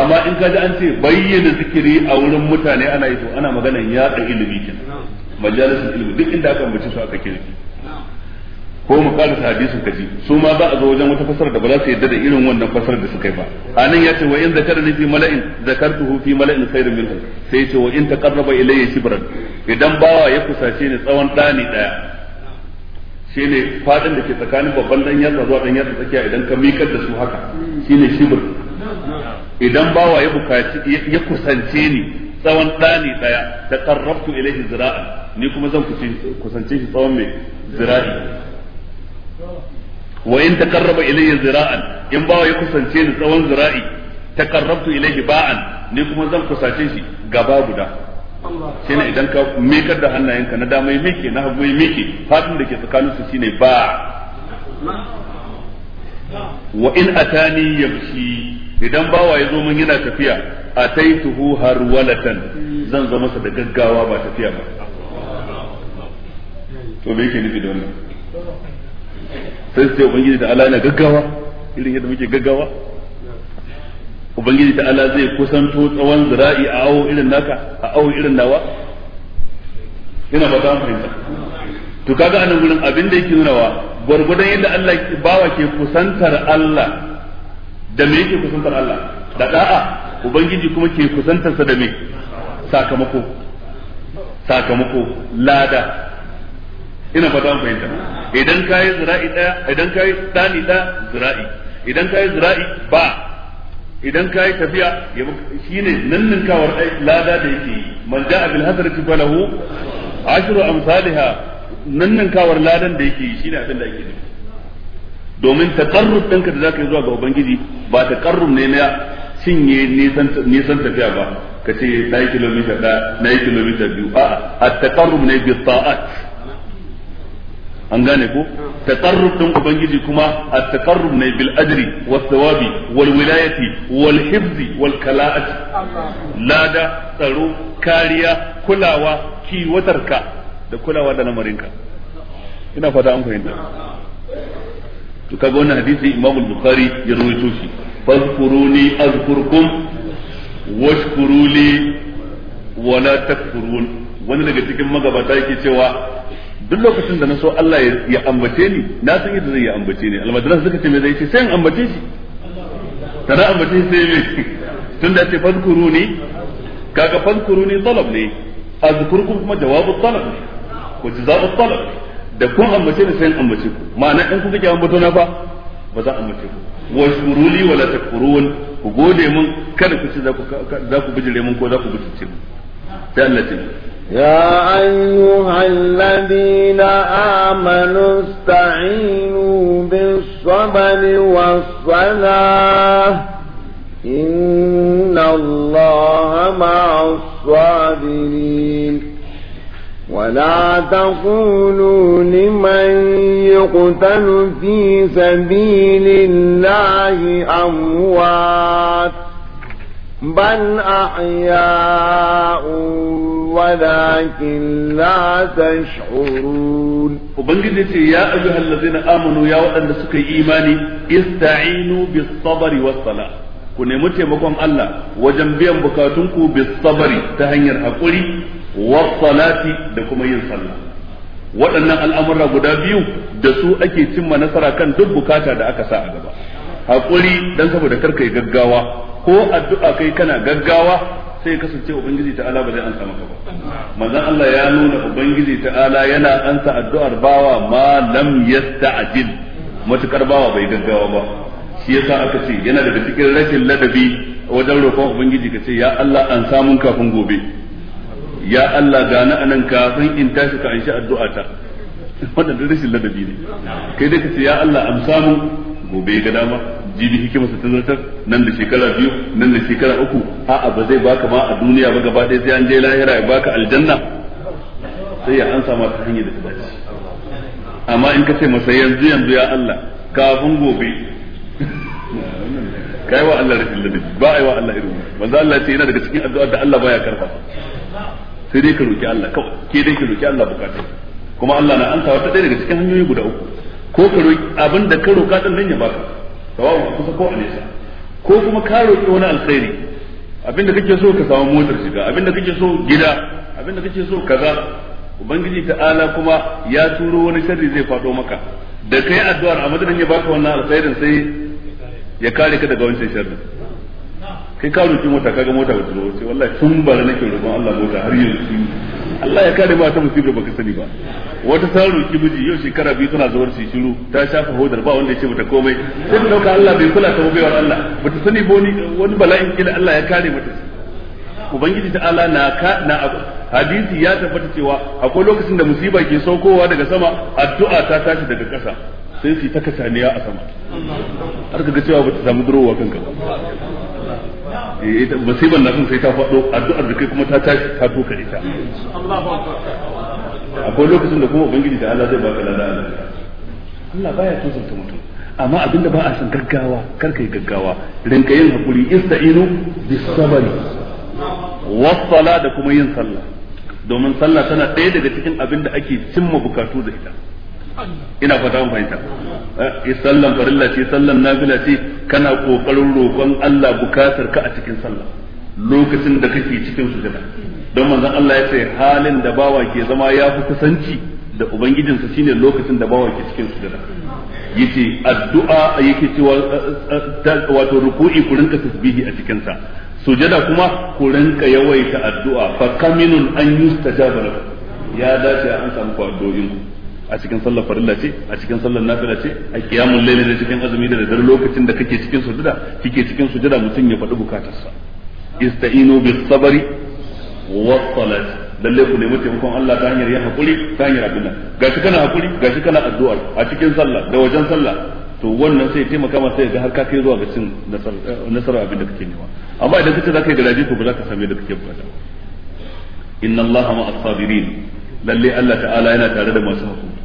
amma in ka ji an ce bayyana zikiri a wurin mutane ana yi to ana maganan yaɗa ilimi kenan majalisun ilimi duk inda aka mace su aka kirki ko mu karanta hadisin kaji su ma za a zo wajen wata fasara da ba za su yadda da irin wannan fasarar da suka yi ba anan ce wa in zakarani fi mala'in zakartuhu fi mala'in khairin minhu sai yace wa in taqarraba ilayya shibran idan bawa ya kusace ni tsawon dani daya shine fadin da ke tsakanin babban dan yatsa zuwa dan yatsa tsakiya idan ka mikar da su haka shine shibr idan bawa ya bukaci ya kusance ni tsawon dani daya taqarrabtu ilayhi zira'an ni kuma zan kusance shi tsawon mai zira'i wa in taqarraba ilayya zira'an in bawa ya kusance ni tsawon zira'i taqarrabtu ilayhi ba'an ni kuma zan kusace shi gaba guda shine idan ka mikar da hannayenka na dama miki na hagu miki mike da ke tsakanin su shine ba wa in atani yamshi idan ba ya zo mun yana tafiya ataituhu walatan zan zama masa da gaggawa ba tafiya ba to me yake nufi da wannan sai su ce ubangiji ta'ala yana gaggawa irin yadda muke gaggawa ubangiji ta'ala zai kusanto tsawon zira'i a awo irin naka a awo irin nawa yana ba ta fahimta to kaga anan gurin abin da yake wa gwargwadon yadda Allah bawa ke kusantar Allah da me yake kusantar Allah da da'a ubangiji kuma ke kusantarsa da me sakamako sakamako lada ina fata an fahimta idan kayi zira'i daya idan kayi tsani da zira'i idan kayi zira'i ba idan kayi tafiya shine nanninkawar lada da yake man ja'a bil hadrati falahu ashru amsalha nanninkawar ladan da yake shine abin da yake nufi domin taqarrub ɗinka da zaka yi zuwa ga ubangiji ba taqarrub ne na cinye nisan nisan tafiya ba kace na yi kilomita ɗaya na yi kilomita biyu a'a at taqarrub ne bi ta'at an gane ko taqarrub din ubangiji kuma at-taqarrub ne bil ajri was thawabi wal wilayati wal hifzi wal kala'ati lada tsaro kariya kulawa kiwatarka da kulawa da lamarinka ina fata an fahimta to kaga wannan hadisi Imam al-Bukhari ya rawaito shi fazkuruni azkurkum washkuruli wala takfurun wani daga cikin magabata yake cewa duk lokacin da na so Allah ya ambace ni na san yadda zai ya ambace ni almadrasa suka ce me zai ce sai in ambace shi tana ambace shi sai me tun da ce fadkuruni kaga ne, talab ne azkurkum kuma jawabu talab ne ko jazaa'u talab da kun ambace ni sai an ambace ku ma'ana in kuka ki ambato na fa ba za a ambace ku washkuruli wala takfurun ku gode mun kada ku ci za ku za ku bijire mun ko za ku bijice mu sai Allah ya يا أيها الذين آمنوا استعينوا بالصبر والصلاة إن الله مع الصابرين ولا تقولوا لمن يقتل في سبيل الله أموات بل أحياء ولكن لا تشعرون وبنجدتي يا أيها الذين آمنوا يا وأن سكي إيماني استعينوا بالصبر والصلاة ku nemi taimakon Allah wajen biyan bukatunku bis sabari ta hanyar haƙuri wa salati da kuma yin sallah waɗannan al'amura guda biyu da su ake cimma nasara kan duk bukata da aka sa a gaba hakuri dan saboda karka yi gaggawa ko addu'a kai kana gaggawa sai kasance ubangiji ta'ala ba zai ansa maka ba manzon Allah ya nuna ubangiji ta'ala yana ansa addu'ar bawa ma lam yasta'jil matukar bawa bai gaggawa ba shi yasa aka ce yana daga cikin rashin ladabi wajen roƙon ubangiji ka ce ya Allah an samun kafin gobe ya Allah gani anan kafin in tashi ka an anshi addu'ata wannan da rashin ladabi ne kai dai ka ce ya Allah an samu gobe ga dama jibi hikimarsa ta zartar nan da shekara biyu nan da shekara uku a'a ba zai baka ma a duniya ba gaba ɗaya sai an je lahira ya baka aljanna sai ya ansa ma ta hanyar da ta dace amma in ka ce masa yanzu yanzu ya Allah kafin gobe kai wa Allah rashin ladabi ba yi wa Allah irin manzo Allah ce yana daga cikin addu'a da Allah baya karfa sai dai ka roki Allah kawai ke dai ka roki Allah bukatun kuma Allah na ansa wata ɗaya daga cikin hanyoyi guda uku ko ka roki abin da ka roka din nan ya baka sawabu kusa ko a nesa ko kuma ka roki wani alkhairi abin da kake so ka samu motar shiga abin da kake so gida abin da kake so kaza ubangiji ta ala kuma ya turo wani sharri zai fado maka da kai addu'ar a madadin ya baka wannan alkhairin sai ya kare ka daga wancan sharri kai ka roki mota kaga mota ba turo sai wallahi tun bara nake roƙon Allah mota har yanzu Allah ya kare ba ta musibar baka sani ba wata ta ki miji yau shekara biyu tana zuwar shi shiru ta shafa hodar ba wanda ya ce mata komai sai ta dauka Allah bai kula ta baiwar Allah bata sani ba wani wani bala'in kila Allah ya kare mata ubangiji ta Allah na ka na hadisi ya tabbata cewa akwai lokacin da musiba ke saukowa daga sama addu'a ta tashi daga ƙasa sai su ta kasaniya a sama har ka ga cewa bata samu durowa kanka ba Eh, musibar na kan sai ta faɗo addu'ar da kai kuma ta tashi ta toka ita akwai lokacin da kuma ubangiji da Allah zai baka lada Allah baya tozarta mutum amma abinda ba a san gaggawa kar kai gaggawa rinka yin hakuri ista'inu bisabari wasala da kuma yin sallah domin sallah tana ɗaya daga cikin abin da ake cimma bukatu da ita ina fata mun fahimta sallan farilla ce sallan nafila ce kana kokarin roƙon Allah bukatar ka a cikin sallah lokacin da kake cikin sujada don manzon Allah ya ce halin da bawa ke zama ya fi kusanci da ubangijinsa shine lokacin da bawa ke cikin sujada yace addu'a yake cewa wato ruku'i ku rinka tasbihi a cikin sa sujada kuma ku rinka yawaita addu'a fa kaminun an yustajaba ya dace an samu ku addu'o'in ku a cikin sallar farilla ce a cikin sallar nafila ce a kiyamul layli da cikin azumi da dare lokacin da kake cikin sujuda kike cikin sujuda mutum ya faɗi bukatarsa ista'inu bis sabri wa salat lalle ku nemi taimakon Allah ta hanyar yin hakuri ta hanyar abin gashi kana hakuri gashi kana addu'a a cikin sallah da wajen sallah to wannan sai taimaka masa ya ga har ka kai zuwa ga cin eh, nasara abin da kake nema amma idan kace zaka yi garaji to ba za ka same da kake bukata inna allaha ma'as sabirin lalle Allah ta'ala yana tare da masu hakuri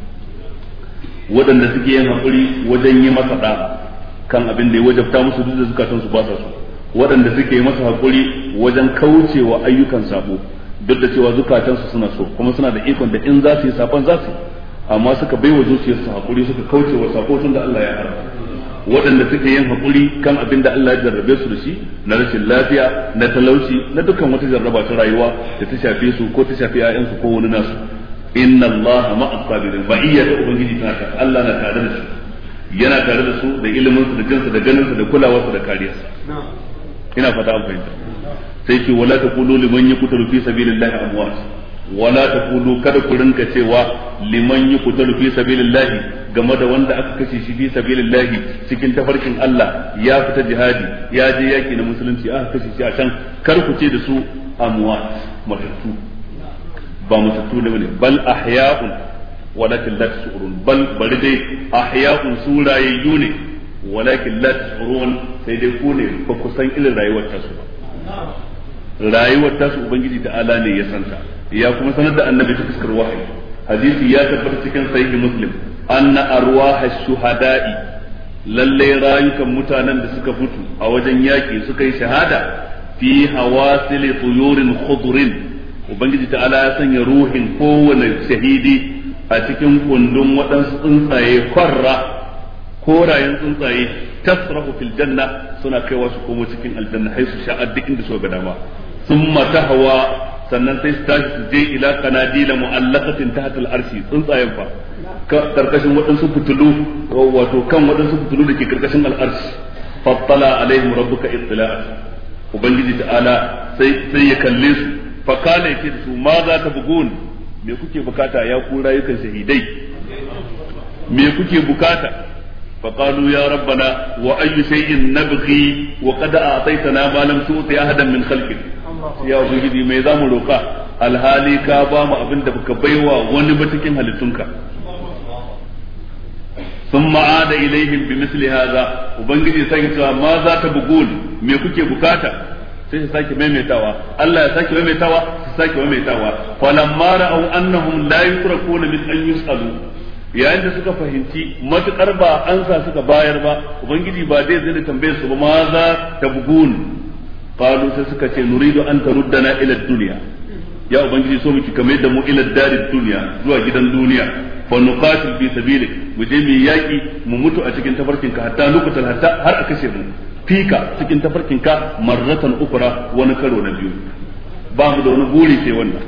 waɗanda suke yin hakuri wajen yi masa ɗa kan abin da ya wajabta musu duk da zukatan su ba su waɗanda suke yi masa hakuri wajen kaucewa ayyukan sabo duk da cewa zukatan su suna so kuma suna da ikon da in za su yi sabon za su amma suka baiwa zuciyar su hakuri suka kaucewa sabo tun da Allah ya haramta waɗanda suke yin hakuri kan abin da Allah ya jarrabe su da shi na rashin lafiya na talauci na dukkan wata jarraba ta rayuwa da ta shafe su ko ta shafi 'ya'yansu ko wani nasu inna Allah ma'a sabirin ba iya da ubangiji tana ta Allah na tare da su yana tare da su da ilimin su da jinsu da ganin su da kulawar su da kariyar su ina fata an fahimta sai ce wala taqulu liman yi yaqtulu fi sabilillahi amwat wala taqulu kada ku rinka cewa liman yi yaqtulu fi sabilillahi game da wanda aka kashe shi fi sabilillahi cikin tafarkin Allah ya fita jihadi ya je yaki na musulunci aka kashe shi a can kar ku ce da su amwat matattu ba mutattu ne bane bal ahya'un walakin la tashurun bal bari dai ahya'un su rayayyu ne walakin la tashurun sai dai ku ne ba ku san irin rayuwar tasu ba rayuwar tasu ubangiji ala ne ya santa ya kuma sanar da annabi ta fuskar wahayi hadisi ya tabbata cikin sahihi muslim anna arwaha shuhada'i lalle rayukan mutanen da suka mutu a wajen yaki suka yi shahada fi hawasili tuyurin khudurin ubangiji ta'ala ya sanya ruhin kowane shahidi a cikin kundin waɗansu tsuntsaye kwarra korayen tsuntsaye tasrahu fil janna suna kaiwa su komo cikin aljanna hay su sha'a duk inda su ga dama thumma tahwa sannan sai su tashi su je ila qanadila mu'allaqatin tahta al-arshi tsuntsayen fa karkashin waɗansu fitulu wato kan waɗansu fitulu da ke karkashin al-arshi fattala alaihim rabbuka ittila'a ubangiji ta'ala sai sai ya kalle su fa kana yake da su ma za ta bugun me kuke bukata ya ku rayukan shahidai me kuke bukata fa qalu ya rabbana wa ayyu shay'in nabghi wa qad a'taytana ma lam tu'ti ahadan min khalqik ya ubangiji me za mu roka alhali ka ba mu abin da baka baiwa wani ba cikin halittunka ثم عاد إليهم بمثل هذا ma za ta bugun me kuke bukata? sai su sake maimaitawa Allah ya sake maimaitawa su sake maimaitawa falamma ra'aw annahum la yutrakuna min an yusalu yayin da suka fahimci matukar ba ansa suka bayar ba ubangiji ba zai zai tambaye su ba ma za ta bugun qalu sai suka ce nuridu an taruddana ila dunya ya ubangiji so miki kamar da mu ila darid dunya zuwa gidan duniya fa nuqatil fi sabilik mu je mu yaki mu mutu a cikin tafarkin ka hatta nuqatal hatta har a kashe mu fika cikin tafarkin ka marratan ukura wani karo na biyu ba mu da wani buri sai wannan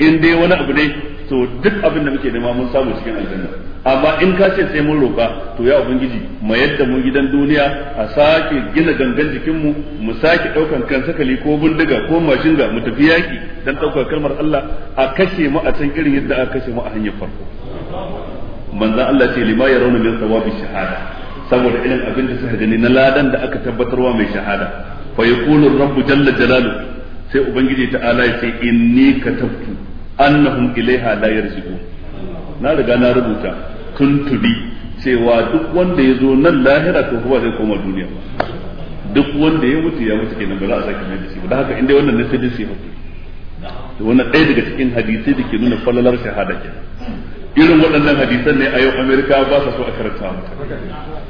in dai wani abu ne to duk abin da muke nema mun samu cikin aljanna amma in ka ce sai mun roƙa to ya ubangiji mu yadda mu gidan duniya a sake gina gangan jikin mu mu sake daukan kan sakali ko bindiga ko mashin ga mu tafi yaki dan daukar kalmar Allah a kashe mu a can irin yadda aka kashe mu a hanyar farko manzo Allah ce lima yarawna min thawabi shahada saboda irin abin da suka gani na ladan da aka tabbatarwa mai shahada fa yaqulu rabbu jalla jalalu sai ubangiji ta ala ya ce inni katabtu annahum ilaiha la yarji'un na riga na rubuta tuntubi cewa duk wanda ya zo nan lahira to kuma zai koma duniya duk wanda ya mutu ya mutu kenan ba za a sake mai da shi ba haka inda wannan ne sai da shi yi wannan ɗaya daga cikin hadisi da ke nuna falalar shahada kenan irin waɗannan hadisan ne a yau amerika ba sa so a karanta maka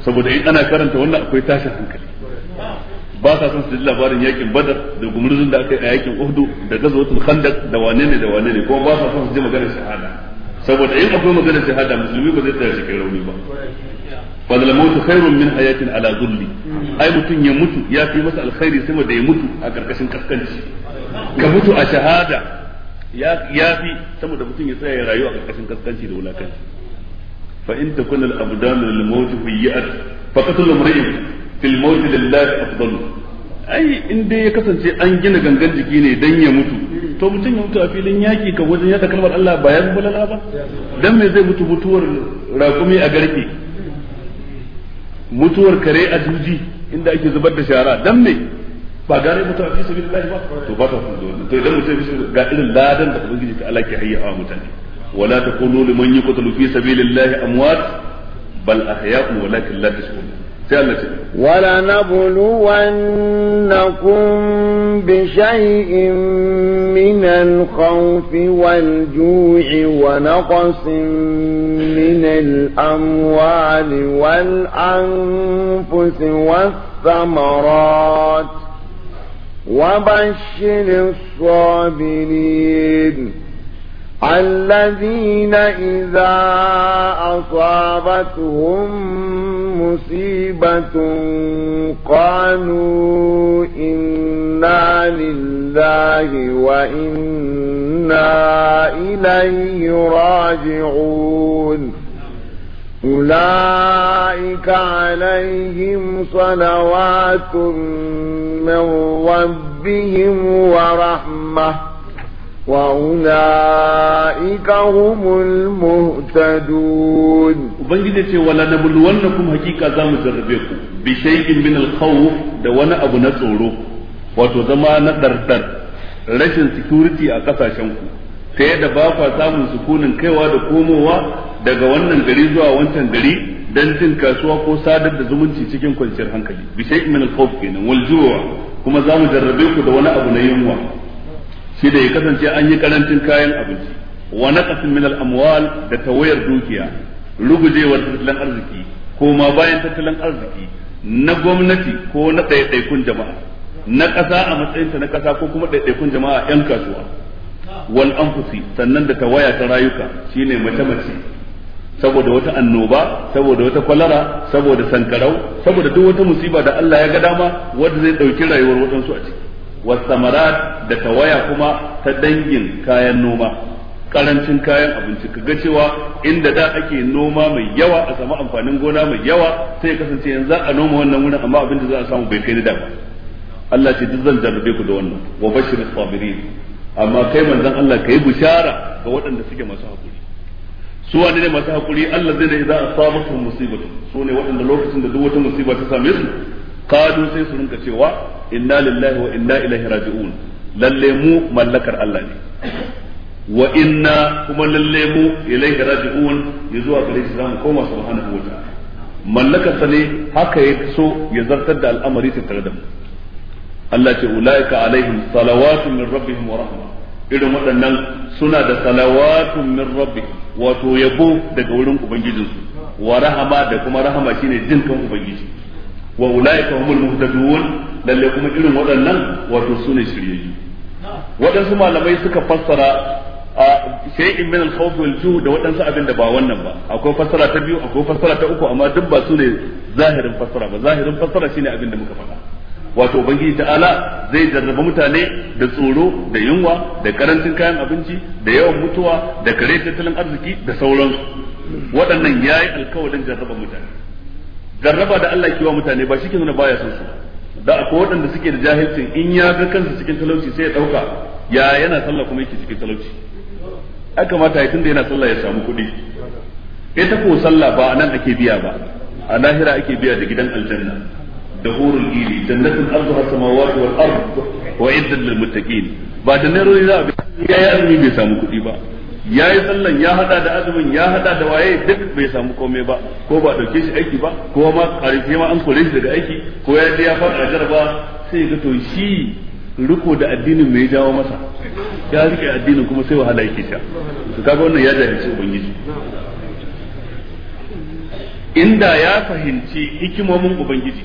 saboda in ana karanta wannan akwai tashin hankali ba sa son su ji labarin yakin badar da gumurzun da aka yi a yakin uhdu da gazawatul da wane ne da wane ne kuma ba sa son su ji maganar shahada saboda in akwai maganar shahada musulmi ba zai tsaya cikin rauni ba fadal mautu khairun min hayatin ala zulli ai mutun ya mutu ya fi masa alkhairi sama da ya mutu a karkashin kaskanci ka mutu a shahada ya fi sama da mutum ya tsaya ya rayu a ƙarƙashin kaskanci da wulakanci fa in takun al abdan lil maut huyyat fa qatl imri'in fil maut lillahi afdal ai in dai ya kasance an gina gangan jiki ne dan ya mutu to mutum ya mutu a filin yaki ka wajen yada kalmar Allah ba ya ba dan me zai mutu mutuwar rakumi a garke mutuwar kare a juji inda ake zubar da shara dan me ba gare mutu a fi sabilillahi ba to ba ta to idan mutum fi ga irin ladan da ubangiji ta Allah ke hayya a mutane wala takunu liman yuqtalu fi sabilillahi amwat bal ahya'un walakin la tashkurun ولنبلونكم بشيء من الخوف والجوع ونقص من الأموال والأنفس والثمرات وبشر الصابرين الذين إذا أصابتهم مصيبة قالوا إنا لله وإنا إليه راجعون أولئك عليهم صلوات من ربهم ورحمة وأولئك هم المهتدون وبنجد ولا نبلونكم حقيقة زام جربيكم بشيء من الخوف دوانا أبو نصورو وتزمان دردر rashin سكورتي a kasashenku ta yadda ba kwa samun sukunin kaiwa da komowa daga wannan gari zuwa wancan gari dan jin kasuwa ko sadar da zumunci cikin kwanciyar hankali bi shay'in min al-khawf kenan wal ju'a kuma za mu jarrabe ku da wani abu na yunwa shi da ya kasance an yi karancin kayan abinci wa naqasin min amwal da tawayar dukiya rugujewar tattalin arziki ko ma bayan tattalin arziki na gwamnati ko na ɗaiɗaikun jama'a na ƙasa a matsayinta na ƙasa ko kuma ɗaiɗaikun jama'a 'yan kasuwa wal anfusi sannan da tawaya ta rayuka shine mace mace saboda wata annoba saboda wata kwalara saboda sankarau saboda duk wata musiba da Allah ya ga dama wanda zai dauki rayuwar wadansu a ciki wasamarat da tawaya kuma ta dangin kayan noma karancin kayan abinci ka ga cewa inda da ake noma mai yawa a samu amfanin gona mai yawa sai kasance yanzu a noma wannan wurin amma abin da za a samu bai kai da ba Allah ce duk zan jarrabe ku da wannan wa bashir sabirin amma kai manzon Allah kai bushara ga waɗanda suke masu hakuri su wane ne masu hakuri Allah zai da idza asabatuhum musibatu su ne waɗanda lokacin da duk wata musiba ta same su kadu sai su rinka cewa inna lillahi wa inna ilaihi raji'un lalle mu mallakar Allah ne wa inna kuma lalle mu ilaihi raji'un zuwa gare shi zamu koma subhanahu wa ta'ala mallakar sa ne haka ya so ya zartar da al'amari tattare da mu Allah ce ulaika alaihim salawatu min rabbihim wa rahmah irin waɗannan suna da salawatun min rabbi wato yabo daga wurin ubangijinsu wa rahama da kuma rahama shine jin kan ubangiji wa ulaika humul muhtadun lalle kuma irin waɗannan wato sune shiryayyu waɗansu malamai suka fassara shay'in min al-khawf wal da waɗansu abin da ba wannan ba akwai fassara ta biyu akwai fassara ta uku amma duk ba sune zahirin fassara ba zahirin fassara shine abin da muka faɗa wato ubangiji ta'ala zai jarraba mutane da tsoro da yunwa da karancin kayan abinci da yawan mutuwa da kare tattalin arziki da sauransu waɗannan ya yi alkawarin jarraba mutane jarraba da Allah kiwa mutane ba shi ke nuna baya son su da akwai waɗanda suke da jahilcin in ya ga kansu cikin talauci sai ya ɗauka ya yana sallah kuma yake cikin talauci ya kamata ya tunda yana sallah ya samu kuɗi ita ko sallah ba a nan ake biya ba a lahira ake biya da gidan aljanna دهور ili جنة arduha samawati والأرض للمتقين بعد ba da narori a bi يا yi bai samu kuɗi ba yayi yi sallan ya hada da azumin ya hada da waye duk bai samu komai ba ko ba ɗauke shi aiki ba ko ma karfe ma an kore shi daga aiki ko ya fara sai shi da addinin mai jawo masa ya rike addinin kuma sai wahala yake sha to kaga wannan ya jahilci ubangiji inda ya fahimci hikimomin ubangiji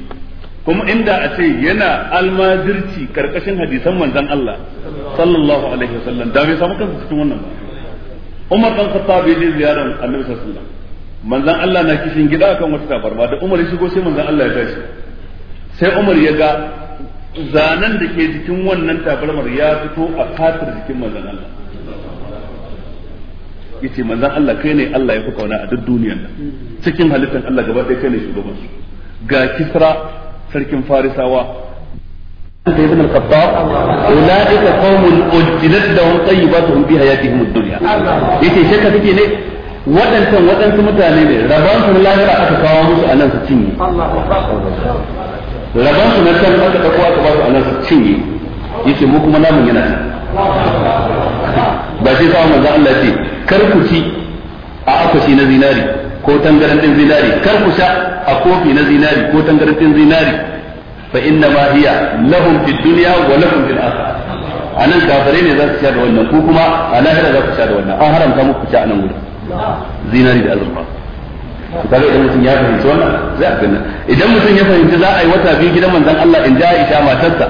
kuma inda a ce yana almajirci karkashin hadisan manzon Allah sallallahu alaihi wasallam da bai samu kansa cikin wannan ba Umar dan Khattab ya je ziyaran Annabi sallallahu alaihi wasallam manzon Allah na kishin gida akan wata ba da Umar ya shigo sai manzon Allah ya tashi sai Umar ya ga zanen da ke jikin wannan tabarmar ya fito a fatar jikin manzon Allah yace manzon Allah kai ne Allah ya fi kauna a duk duniyar nan cikin halittar Allah gaba ɗaya kai ne shugaban su ga kisra sarkin farisawa da ibn al-qattab ulaika qaumun ujjilat lahum tayyibatuhum bi hayatihim ad-dunya yace shakka take ne wadannan waɗansu mutane ne rabon su lahira aka kawo musu anan su cinye rabon su na can aka dauko aka ba su anan su cinye yace mu kuma namun yana ba sai sa manzo Allah ce kar ku ci a akwati na zinari ko tangarantin zinari kar ku sha a kofi na zinari ko tangarantin zinari fa inna ma hiya lahum fid dunya wa lakum fil akhirah anan kafare ne za su sha da wannan ko kuma a lahira za ku sha da wannan an haramta muku sha anan gudu zinari da azurfa kaga idan mutum ya fahimci wannan zai a idan mutum ya fahimci za a yi wata biyu gidan manzon Allah in ja Aisha matarsa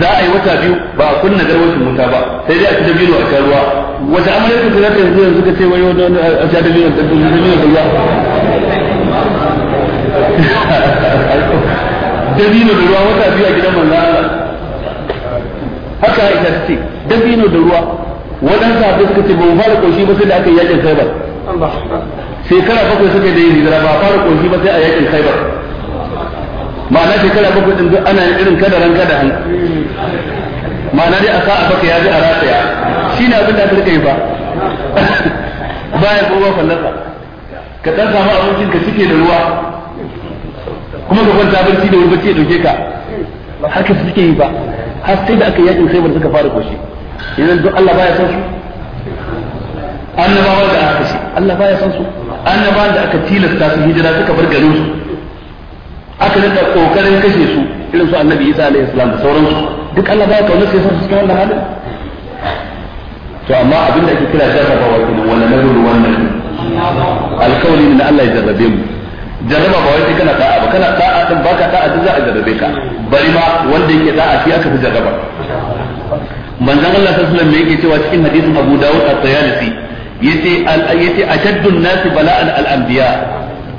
za a yi wata biyu ba a kunna garwacin wuta ba sai dai a ci dabino a ruwa wata amalai ku za ta yanzu yanzu ka ce wani a sha dabino da ruwa dabino da ruwa wata biyu a gidan manzo Allah haka ita ce dabino da ruwa waɗansu abin suka ce ba mu fara koshi ba sai da aka yi yakin khaibar shekara bakwai suka da yin hijira ba fara koshi ba sai a yakin khaibar ma'ana kada bakwai din duk ana irin kadaran hannu ma'ana dai a sa a baka ya a rataya shi ne abin da aka yi ba baya ko ba fallasa ka dan samu abincin ka cike da ruwa kuma ka kwanta barci da wuri barci ya dauke ka haka suke yi ba har sai da aka yi yakin khaybar suka fara koshi idan duk Allah baya san su annabawa da aka ce Allah baya san su annabawa da aka tilasta su hijira suka bar garin su aka rinka kokarin kashe su irin su annabi isa alaihi salam da sauransu duk Allah ba ya kauna sai sun cikin wannan halin to amma abinda ake kira ba wai kenan wannan ne wannan alkawli min Allah ya jarrabe mu jarraba ba wai kana da'a ba kana da'a din baka da'a din za a jarrabe ka bari ma wanda yake da'a shi aka fi jarraba manzon Allah sallallahu alaihi wasallam yake cewa cikin hadisin Abu Dawud at-Tayalisi yace yace an nasi bala'an al-anbiya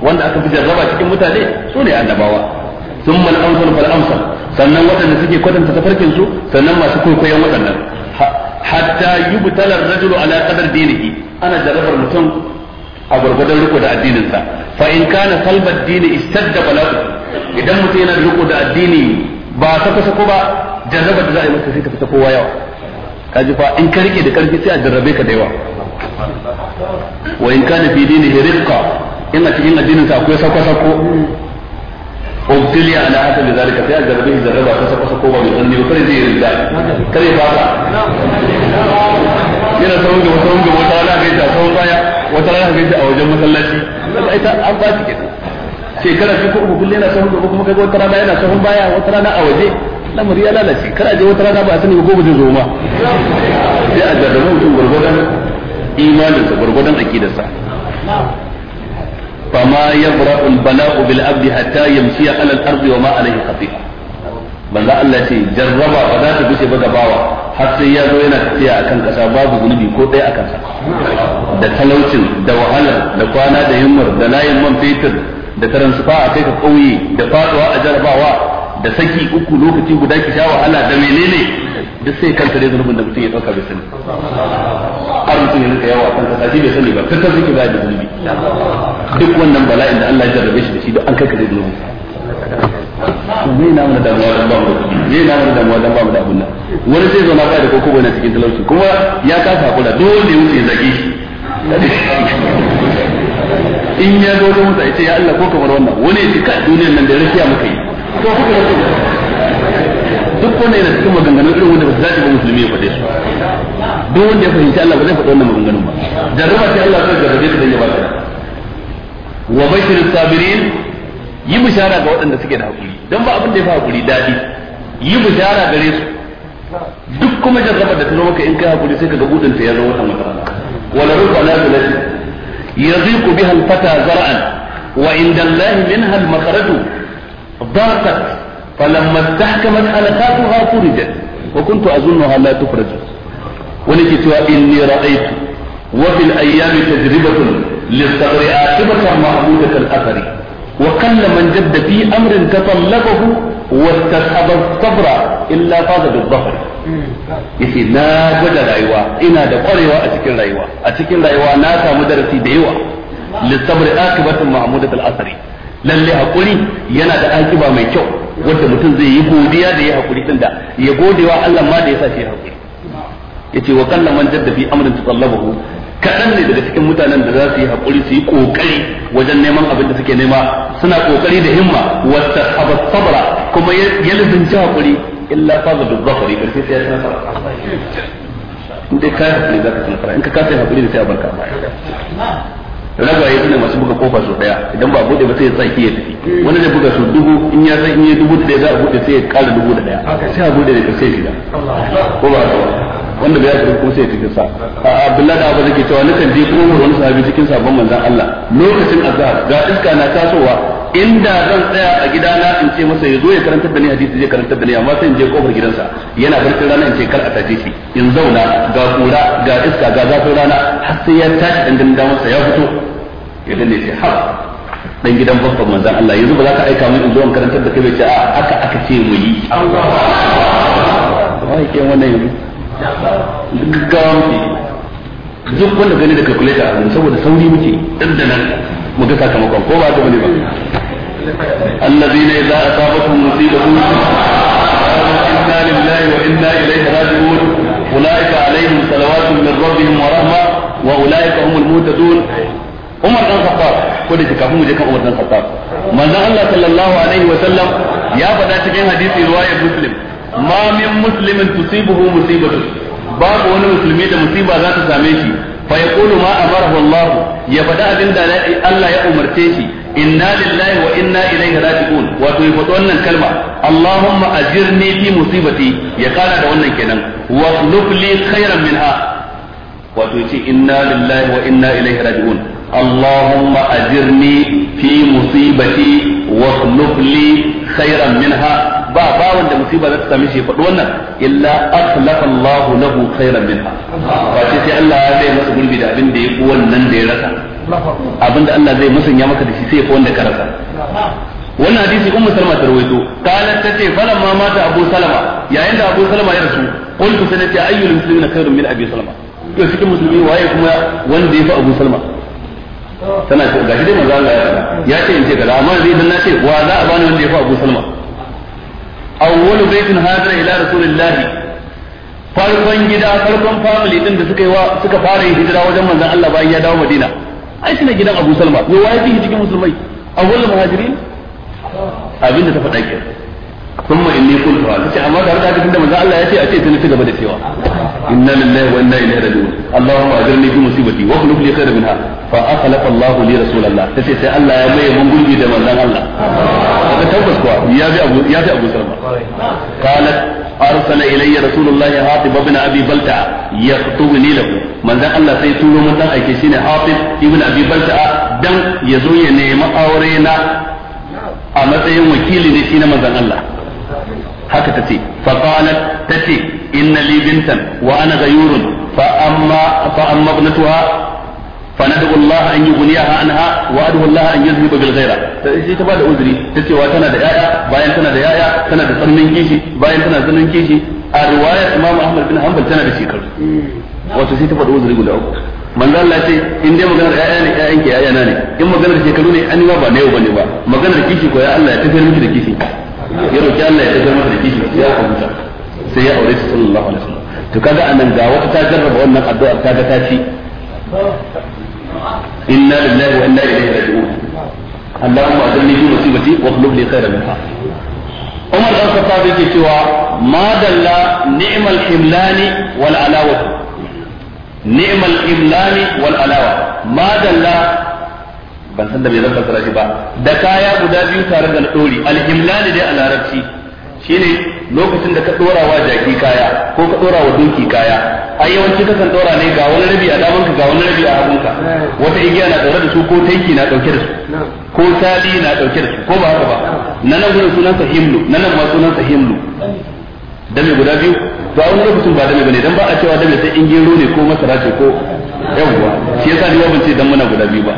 wanda aka fi jarraba cikin mutane su ne annabawa Sun al-amsal fal amsal sannan waɗanda suke kwatanta tafarkin su sannan masu kwaikwayon waɗannan hatta yubtala ar-rajulu ala qadar dinihi ana jarrabar mutum a gurgurdan riko da addininsa fa in kana salbad dini istadda bala'u idan mutum yana riko da addini ba ta kusa ko ba jarrabar da za a yi masa sai ta fita kowa yawa kaji fa in ka rike da karfi sai a jarrabe ka da yawa wa in kana fi dinihi rifqa in a cikin addinin sa akwai sako sako ubtiliya ala hasabi zalika sai ga rabbi jarraba ta sako sako ba mai tsanni ba kare zai rinda kare fata yana sauran gaba sauran gaba wata rana gaita sauran baya wata rana gaita a wajen masallaci sai ta an ba shi shekara shi ko uku kullum yana sahun gaba kuma kai wata rana yana sahun baya wata rana a waje lamari ya lalace kada je wata rana ba a sani ba ko ba zai zo ma sai a jarraba mutum gurgurdan imaninsa gwargwadon akidarsa fama yabra'u al-bala'u bil abdi hatta yamshi ala al-ard wa ma alayhi khafi banza Allah ce jarraba ba za ta gushe ba gabawa har sai ya zo yana tafiya akan kasa babu zunubi ko ɗaya akan sa da talaucin da wahalar da kwana da yummar da layin man fetur da taransufa a kai ka kauye da faduwa a jarabawa da saki uku lokaci guda ki sha wahala da menene duk sai kanta dai zunubin da mutum ya dauka bai har mutum ya rinka yawo a kan kasa shi bai sani ba kakar suke ba da zunubi duk wannan bala'in da Allah ya jarrabe shi da shi duk an kai kare zunubi na mana damuwa dan ba mu zai na mana damuwa dan ba mu da abun nan wani zai zauna kai da koko bai na cikin talauci kuma ya kasa hakura dole wuce zage shi in ya zo da ya Allah ko kamar wannan wani ya cika duniyar nan da rakiya muka yi to kuka duk wannan yana cikin maganganun irin wanda ba su dace ba musulmi ya faɗe su duk wanda ya fahimci Allah ba zai faɗi wannan maganganun ba jarraba ce Allah zai jarrabe ka dan ya baka wa bashir sabirin yi bishara ga waɗanda suke da hakuri dan ba abin da ya fi hakuri dadi yi bishara gare su duk kuma jarraba da ta maka in kai hakuri sai ka ga budin ta ya zo wata mata wala rufa la bilati yaziqu biha al-fata zar'an wa inda Allah minha al-makhraju ضاقت فلما استحكمت حلقاتها فرجت وكنت أظنها لا تفرج wani ke cewa inni ra'aytu wa fil ayyami tajribatun lis-sabri atibatan mahmudatan athari wa qalla man jadda fi amrin tatallaqahu wa tasaba sabra illa faza bil-dhahr yace na gwada rayuwa ina da kwarewa a cikin rayuwa a cikin rayuwa na samu darasi da yawa lis-sabri atibatan mahmudatan athari lalle hakuri yana da akiba mai kyau wanda mutum zai yi godiya da ya hakuri din da ya godewa Allah ma da ya sa shi hakuri yace wa kallan man jadda fi amrin tatallabahu kadan ne daga cikin mutanen da za su yi haƙuri su yi ƙoƙari wajen neman abin da suke nema suna ƙoƙari da himma wata abas sabra kuma yalzin lizinci haƙuri illa faza da zafari ƙarfi sai ya nasara in dai kayan haƙuri za ka ci nasara in ka kasa haƙuri da sai a barka ragaye suna masu buga kofa su daya idan ba bude ba sai ya tsaki ya tafi wani da buga su dubu in ya san in ya dubu da za a bude sai ya kara dubu da daya sai a bude da sai shiga ko ba haka wanda bai yarda kuma sai cikin sa a Abdullahi da Abu cewa kan je kuma wani sahabi cikin sabon manzan Allah lokacin azhar ga iska na tasowa inda zan tsaya a gidana in ce masa ya zo ya karanta da ni hadisi zai karanta da ni amma sai in je kofar gidansa yana barkin rana in ce kar a taje shi in zauna ga kura ga iska ga zafin rana har sai ya tashi dangane damarsa ya fito ya danne shi har dan gidan babban manzan Allah yanzu ba za ka aika mun in zo in karanta da kai bai ce a aka aka ce mu yi Allah wai ke wannan yanzu gaggawa muke duk wanda gani da calculator a hannu saboda sauri muke dandanan mu ga sakamakon ko ba ta bane ba الذين إذا أصابتهم مصيبة إنا لله وإنا إليه راجعون أولئك عليهم صلوات من ربهم ورحمة وأولئك هم المهتدون Umar dan Khattab ko da kafin mu je kan Umar dan Khattab manzon Allah sallallahu alaihi wa sallam ya faɗa cikin hadisi riwayar Muslim ma min muslimin tusibuhu musibatu babu wani musulmi da musiba za ta same shi fa yaqulu ma amarahu Allah ya faɗa abin da Allah ya umarce shi inna lillahi wa inna ilaihi raji'un wato ya faɗi wannan kalma Allahumma ajirni fi musibati ya kana da wannan kenan wa minha wato inna lillahi wa inna اللهم أجرني في مصيبتي واخلف لي خيرا منها ba bawan da musiba za ta same shi faɗi wannan illa akhlafa Allahu lahu khairan minha ba ce sai Allah ya zai masa gurbi da abin da ya wannan da ya rasa abin da Allah zai musanya maka da shi sai ya wanda ka rasa wannan hadisi ummu salma ta rawaito qalat tace falamma mata abu salama yayin da abu salama ya rasu qultu sanati ayyul muslimina khairun min abi salama to cikin musulmi waye kuma wanda yafi abu salama tana ce gashi dai manzo Allah ya ce in ce kaza amma zai dan na ce wa za a bani wanda yafi abu salama awwal baitin hadara ila rasulillahi farkon gida farkon family din da suka yi suka fara yin hijira wajen manzon Allah bayan ya dawo Madina ai shine gidan Abu Salma ne waye fi cikin musulmai awwal muhajirin abinda ta faɗa kenan kuma inni ta tace amma da haka tunda manzo Allah ya ce a ce tun ci gaba da cewa inna lillahi wa inna ilaihi raji'un allahumma ajirni fi musibati wa khulif li khairan minha fa akhlaqa Allah li rasulillah tace sai Allah ya maye mun gurbi da manzon Allah ka tabbas kuwa ya bi abu ya bi abu salma qalat أرسل إلي رسول الله حاطب بن أبي بلتع يخطبني له من ذا الله سيتولو من ذا أكيسين حاطب ابن أبي بلتع دم يزوي نيم أورينا a matsayin wakili ne shi na manzon haka ta ce faƙalat ta ce inna li bintan wa ana gayurun fa amma fa amma ibnatuha fa nad'u Allah an yughniyaha anha wa ad'u Allah an yuzhiba bil ghaira ta ce ta bada uzuri ta ce wa tana da yaya bayan tana da yaya tana da tsarnin kishi bayan tana tsarnin kishi a riwayar Imam Ahmad bin Hanbal tana da shekaru wato sai ta faɗi uzuri guda uku manzo Allah ce in dai maganar ƴaƴa ne ƴaƴan ki ƴaƴana ne in maganar shekaru ne an ba ba na yau bane ba maganar kishi ko ya Allah ya tafiyar miki da kishi ya roki Allah ya tafi masa da kishi ya hukunta sai ya aure ta sallallahu alaihi wasallam to kaga anan ga wata ta jarraba wannan addu'ar kaga ta ci inna lillahi wa inna ilaihi raji'un اللهم اجرني في مصيبتي واطلب لي خيرا منها عمر بن الخطاب yake cewa ma dalla ni'mal himlani wal alawa ni'mal himlani wal alawa ma ban san da me zan fassara shi ba da kaya guda biyu tare da na dori al-himlani dai a larabci shine lokacin da ka dora wa jaki kaya ko ka dora wa doki kaya ai yawanci ka kan dora ne ga wani rabi a damanka ga wani rabi a hagunka wata igiya na daure da su ko taiki na dauke da su ko sali na dauke da su ko ba haka ba nan nan gurin sunan sa himlu nan nan ma sunan sa himlu dame guda biyu ba wani lokacin ba dame bane dan ba a cewa dame sai ingero ne ko masara ce ko yawwa shi yasa ni ban ce dan muna guda biyu ba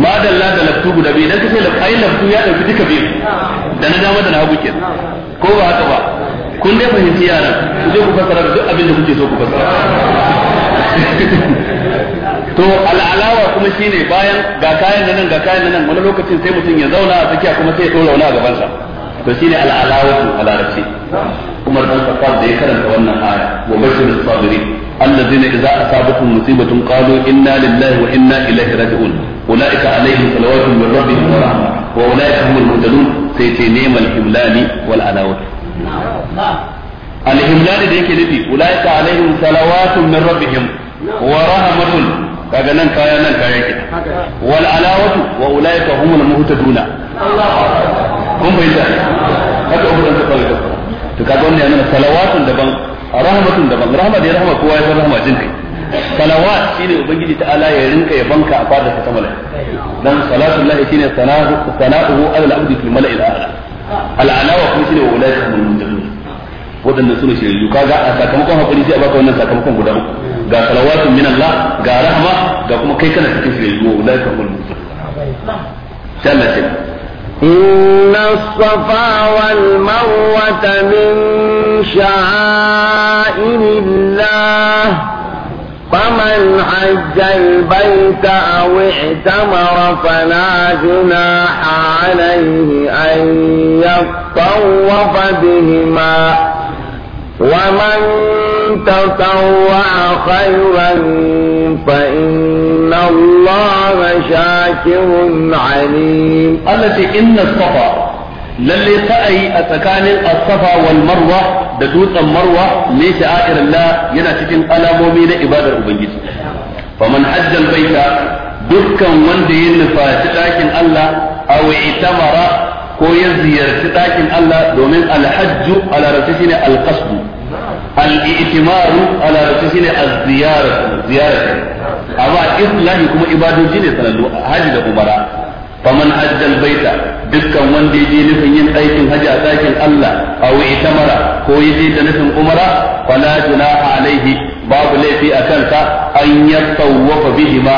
ma da da laftu guda biyu idan kace ai laftu ya dauki duka biyu da na dama da na hagu ke ko ba haka ba kun dai fahimci yaran ku je ku fassara duk abin da kuke so ku fassara to al'alawa kuma shine bayan ga kayan nan ga kayan nan wani lokacin sai mutum ya zauna a tsakiya kuma sai ya dora wani a gabansa to shine al'alawatu a larabci umar dan khattab da ya karanta wannan aya wa bashir as-sabirin alladhina idza asabatuhum musibatun qalu inna lillahi wa inna ilaihi raji'un ulaika alaihim salawatu min rabbihim wa rahmah wa ulaika humul muhtadun sai ce neman himlani wal alawatu al-himlani da yake nufi ulaika alaihim salawatu min rabbihim wa rahmatun kaga nan kaya nan kaya ke wal alawatu wa ulaika humul muhtaduna Allah kun bai da haka ubudan ta fara to kaga wannan yana salawatun daban rahmatun daban rahma da rahma kowa ya san rahma jin kai salawat shine ubangiji ta ala ya rinka ya banka a fadar ta kamala dan salatu llahi shine sana'u sana'uhu ala al-abdi mala'i al-a'la kuma shine wa ulati al wadannan sune kaga a sakamakon hakuri sai a baka wannan sakamakon guda uku ga salawatun min Allah ga rahma ga kuma kai kana cikin shiryu wa ulati al-muntaqin sallallahu alaihi إن الصفا والمروة من شعائر الله فمن حج البيت أو اعتمر فلا جناح عليه أن يطوف بهما ومن تطوع خيرا فإن الله شاكر عليم التي إن الصفا lalle sa'ayi a tsakanin as marwa da dutsen marwa ne sha'irillah yana cikin alamomi da ibadar ubangiji faman hajjal baita dukkan wanda ya nufaci dakin Allah aw itamara ko ya ziyarci ɗakin Allah domin al-hajju ala rasul shine al Al'itimaru itimaru ala rasul shine az-ziyara amma islahi kuma ibadoji ne sanallu haji da umara faman hajja al-baita dukkan wanda yaje nufin yin aikin haji a dakin Allah aw itamara ko yaje da nufin umara fala junaha alaihi babu laifi a kansa an ya tsawafa bihima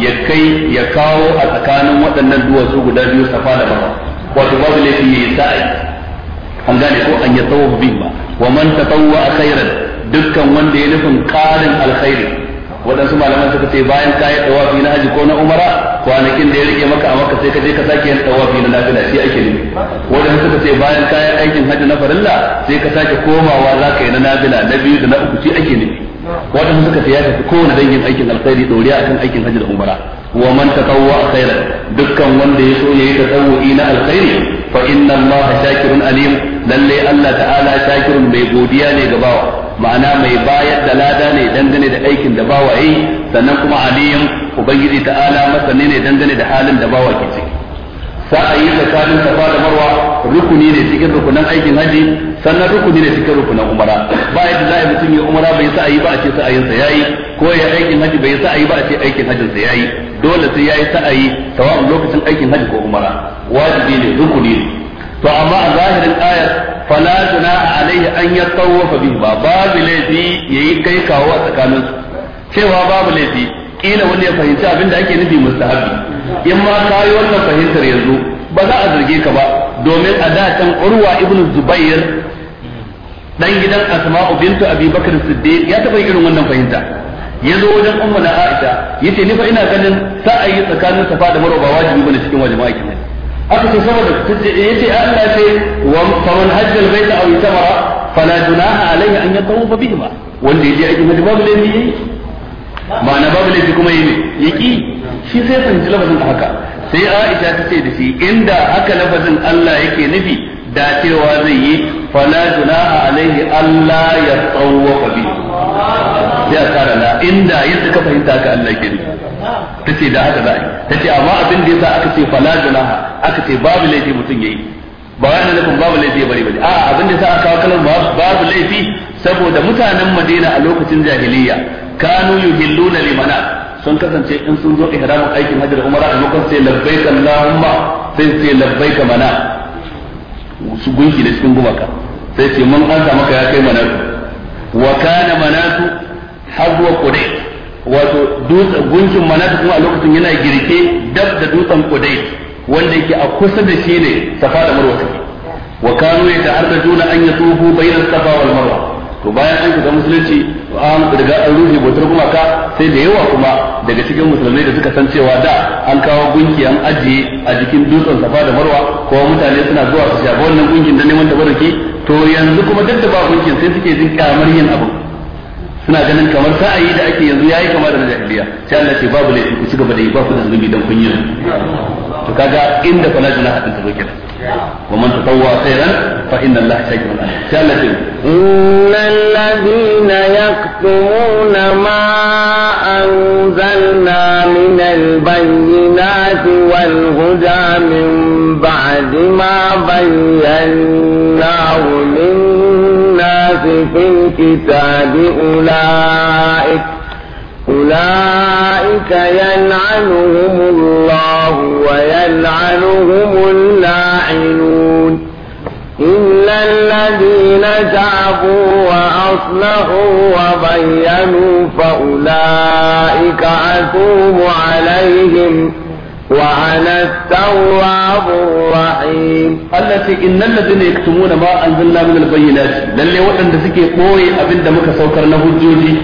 ya kai ya kawo a tsakanin waɗannan duwatsu guda biyu safa da marwa wato babu laifi ya yi sa'i an gane ko an ya tsawo bin ba wa man a khairan dukkan wanda ya nufin karin alkhairi waɗansu malaman suka ce bayan ka yi tsawafi na haji ko na umara kwanakin da ya rike maka a maka sai ka je ka sake yin tsawafi na nafila shi ake nufi waɗansu suka ce bayan ka yi aikin haji na farilla sai ka sake komawa za ka yi na nafila na biyu da na uku shi ake nufi waɗansu suka ce ya tafi kowane dangin aikin alkhairi ɗoriya akan aikin haji da umara wa man tatawwa khairan dukkan wanda ya so yayi tatawwu'i na alkhairi fa inna Allah shakirun alim lalle Allah ta'ala shakirun mai godiya ne ga bawa ma'ana mai baya da lada ne dangane da aikin da bawa yi sannan kuma ubangiji ta'ala masani ne dangane da halin da bawa ke ciki sa'ayi tsakanin safa da marwa rukuni ne cikin rukunan aikin haji sannan rukuni ne cikin rukunan umara ba yadda za a mutum ya umara bai sa'ayi ba a ce sa'ayin sa yayi ko ya aikin haji bai sa'ayi ba a ce aikin hajin sa yayi dole sai ya yayi sa'ayi tawafin lokacin aikin hajji ko umara wajibi ne rukuni ne to amma a zahirin ayar fala tuna alaihi an yatawafa bi ba babu laifi yayi kai kawo a tsakanin cewa babu laifi kila wani ya fahimci abin da ake nufi mustahabi in ma ka yi wannan fahimtar yanzu ba za a zarge ka ba domin a da can urwa Ibnu zubair dan gidan asma'u bintu abi bakr siddiq ya taba irin wannan fahimta ya zo wajen umma na Aisha ya ce ni fa ina ganin sa'ayi tsakanin safa da marwa ba wajibi bane cikin wajibi aikin haji aka ce saboda ya ce eh, Allah ce wa faman hajja albayt aw itamara fala junaha alayhi an yatawafa bihima wanda yaje aikin haji babu laifi yayi ma'ana babu laifi kuma yayi yaki shi sai san lafazin haka sai Aisha ta ce da shi inda haka lafazin Allah yake nufi da cewa zai yi fala junaha alayhi Allah ya tawafa bihima sai a kara la inda yadda ka fahimta ka Allah ke Ta ce da haka za a yi tace amma abin da yasa aka ce fala junaha aka ce babu laifi mutum yayi ba wai ana nufin babu laifi ya bari bari A'a abin da yasa aka kawo kalmar babu laifi saboda mutanen Madina a lokacin jahiliya kanu yuhilluna limana sun kasance in sun zo ihramin aikin hajji da umara a lokacin sai labbaika allahumma sai sai labbaika mana su gunki da cikin gumaka sai ce mun an maka ya kai manatu wa kana manatu har zuwa kudai wato dutsen gunkin manat kuma a lokacin yana girke dab da dutsen kudai wanda yake a kusa da shi ne safa da marwa take wa kanu juna an yatufu bayna safa wal marwa to bayan an shiga musulunci an riga an rufe bautar gumaka sai da yawa kuma daga cikin musulmai da suka san cewa da an kawo gunki an ajiye a jikin dutsen safa da marwa ko mutane suna zuwa su shafa wannan gunkin da neman tabarruki to yanzu kuma duk da ba gunkin sai suke jin kamar yin abu suna ganin kamar sa'ayi da ake yanzu yayi kamar da jahiliya sai Allah ce babu laifi ku cigaba da yi ba ku da zunubi dan kun yi to kaga inda fa lajina hadin ta zoke wa man tatawwa khairan fa inna Allah shakirun alim sai Allah ce innal ladina yaktumuna ma anzalna min al-bayyinati wal huda min ba'di ma bayyanahu lin الناس في الكتاب أولئك أولئك يلعنهم الله ويلعنهم اللاعنون إلا الذين تابوا وأصلحوا وبينوا فأولئك أتوب عليهم وعلى التواب الرحيم التي إن الذين يكتمون ما أنزلنا من البينات للي وطن دسكي قوي أبن دمك سوكر نهجوجي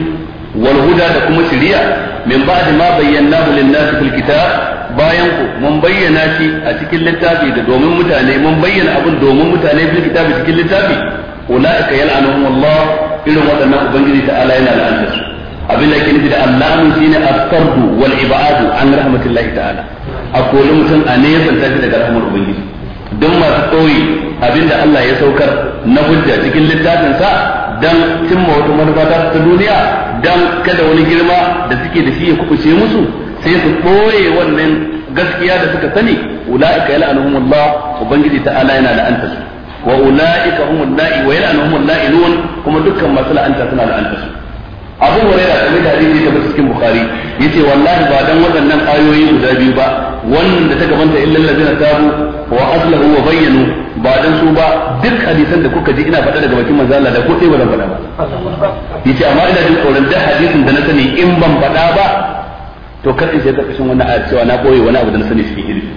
والهدى لكم شريع من بعد ما بيناه للناس في الكتاب bayan mun bayyana shi a cikin littafi da domin mutane mun bayyana abin domin mutane fil kitabi cikin littafi ulaika yal'anuhum Allah irin waɗannan ubangiji ta ala yana la'anta su abin da yake nufi da allamu shine as wal ibadu an rahmatillahi ta'ala a koli mutum a nesan tashi daga rahmar ubangiji don masu tsoyi abinda Allah ya saukar na hujja cikin littafin sa dan cimma wata manufa ta duniya don kada wani girma da suke da shi ya kubuce musu sai su tsoye wannan gaskiya da suka sani ula'ika yal'anuhumullah ubangiji ta'ala yana la'anta su wa ula'ika humul la'i wa yal'anuhumul la'inun kuma dukkan masu la'anta suna la'anta su abu huraira kamar da hadisi da cikin bukhari yace wallahi ba dan waɗannan ayoyi guda biyu ba wannan da ta gabanta illal ladina tabu wa aslahu wa bayyanu ba dan su ba duk hadisan da kuka ji ina faɗa daga bakin manzo Allah da ko sai ba zan faɗa ba yace amma ina jin tsoron da hadisin da na sani in ban faɗa ba to kar in sai karkashin wannan ayar cewa na koyi wani abu da na sani cikin ilimi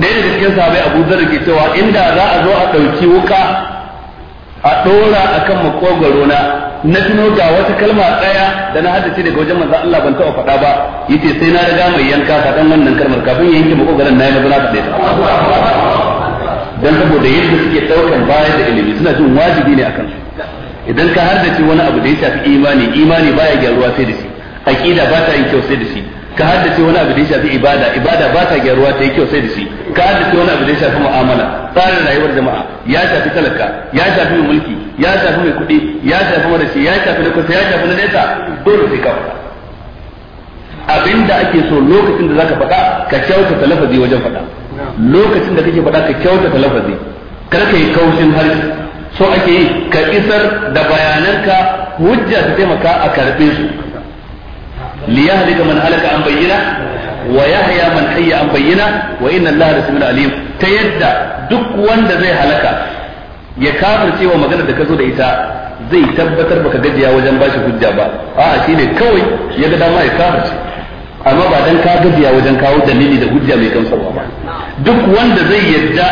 ɗaya daga cikin sahabai Abu Dharr ke cewa inda za a zo a ɗauki wuka a dora akan makogaro na na tuno ga wata kalma ɗaya da na haddace daga wajen manzo Allah ban taɓa faɗa ba yace sai na riga mai yanka ka dan wannan kalmar kafin ya yanke makogaron na yi maza na faɗe ta dan saboda yadda suke daukan baya da ilimi suna jin wajibi ne akan su idan ka haddace wani abu da ya shafi imani imani baya gyaruwa sai da shi aqida ba ta yin kyau sai da shi ka haddace wani abu da ya shafi ibada ibada ba ta gyaruwa ta yi kyau sai da shi ka haddace wani abu da ya shafi mu'amala tsarin rayuwar jama'a ya shafi talaka ya shafi mai mulki ya shafi mai kuɗi ya shafi marashi ya shafi na kusa ya shafi na nesa dole sai ka faɗa abinda ake so lokacin da zaka faɗa ka kyautata lafazi wajen faɗa lokacin da kake faɗa ka kyautata lafazi kar ka yi kaushin har so ake yi ka isar da bayananka hujja ta taimaka a karɓe su liyahlika man halaka an bayyana wa yahya man hayya an bayyana wa'inna inna allaha lasamiyun ta yadda duk wanda zai halaka ya kafirce wa magana da ka zo da ita zai tabbatar baka gajiya wajen bashi hujja ba a'a shine kawai ya ga dama ya kafirce amma ba dan ka gajiya wajen kawo dalili da hujja mai gamsarwa ba duk wanda zai yadda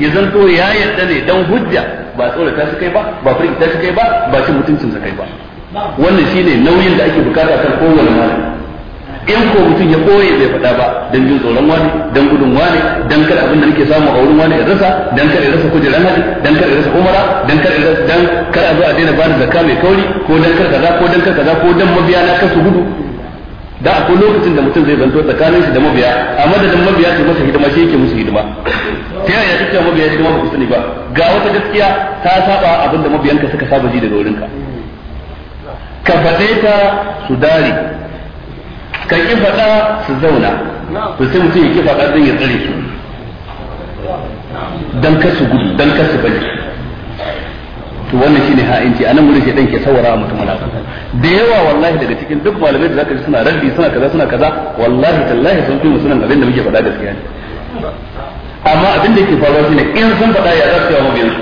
ya zanto ya yadda ne dan hujja ba tsora ta su kai ba ba furgita su kai ba ba cin mutuncin sa kai ba wannan shine nauyin da ake bukata kan kowane malami in ko mutum ya koye bai faɗa ba dan jin tsoron wani dan gudun wani don kada abin da nake samu a wurin wani ya rasa don kada ya rasa kujeran hali don kada ya rasa umara don kada ya rasa dan kada a zo a daina bani zakka mai kauri ko don kada kaza ko don kada kaza ko don mabiya na kasu gudu da akwai lokacin da mutum zai zanto tsakanin shi da mabiya a madadin mabiya ta masa hidima shi yake musu hidima ta yaya duk mabiya hidima ba ku sani ba ga wata gaskiya ta saba abin da mabiyanka suka saba ji daga wurinka ka faɗe ta su dare ka ƙi faɗa su zauna to sai mutum ya ki faɗa zai ya tsare su don ka su gudu don ka su bari to wannan shine ha'inci anan gurin shedan ke sawara mutum na da yawa wallahi daga cikin duk malamai da zaka ji suna raddi suna kaza suna kaza wallahi tallahi sun fi musulman abin da muke faɗa gaskiya ne amma abin da ke faruwa shine in sun faɗa ya za su yawa mabiyan su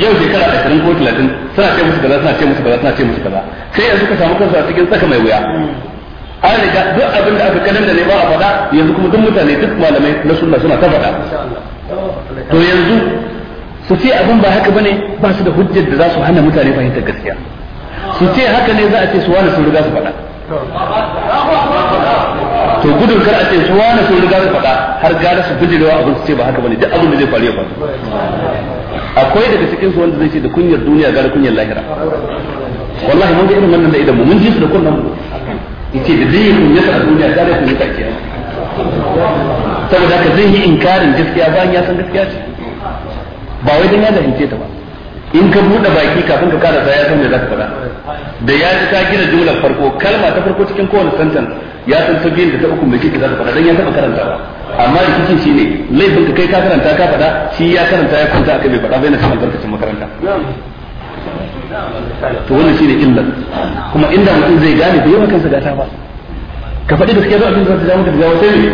yau shekara ashirin ko talatin suna ce musu kaza suna ce musu kaza suna ce musu kaza sai yanzu ka samu kansu a cikin tsaka mai wuya an riga duk abin da aka kadan da ne ba a faɗa yanzu kuma duk mutane duk malamai na sunna suna ta faɗa to yanzu su ce abin ba haka bane ba su da hujjar da za su hana mutane fahimtar gaskiya su ce haka ne za a ce su wani sun riga su faɗa to gudun kar a ce su wani sun riga su faɗa har gara su bijirewa abin su ce ba haka bane duk abin da zai faru ya faru akwai daga cikin su wanda zai ce da kunyar duniya gara kunyar lahira wallahi mun ga irin wannan da idan mu mun ji su da kunnan mu yace da zai kunya a duniya gara kunya ta ke saboda ka zai yi inkarin gaskiya bayan ya san gaskiya ce ba wai dan ya zahimce ta ba in ka buɗe baki kafin ka karasa ya san me za ka faɗa da ya ji ka gina jumlar farko kalma ta farko cikin kowane sentence ya san ta biyu da ta uku mai kike za fada faɗa dan ya taɓa ba. amma rikicin shi ne laifin ka kai ka karanta ka faɗa shi ya karanta ya kwanta akai bai faɗa bai na kan barkacin makaranta to wannan shine illa kuma inda mutum zai gane bai yi kansa gata ba ka faɗi gaskiya zuwa abin da za ta ja maka ne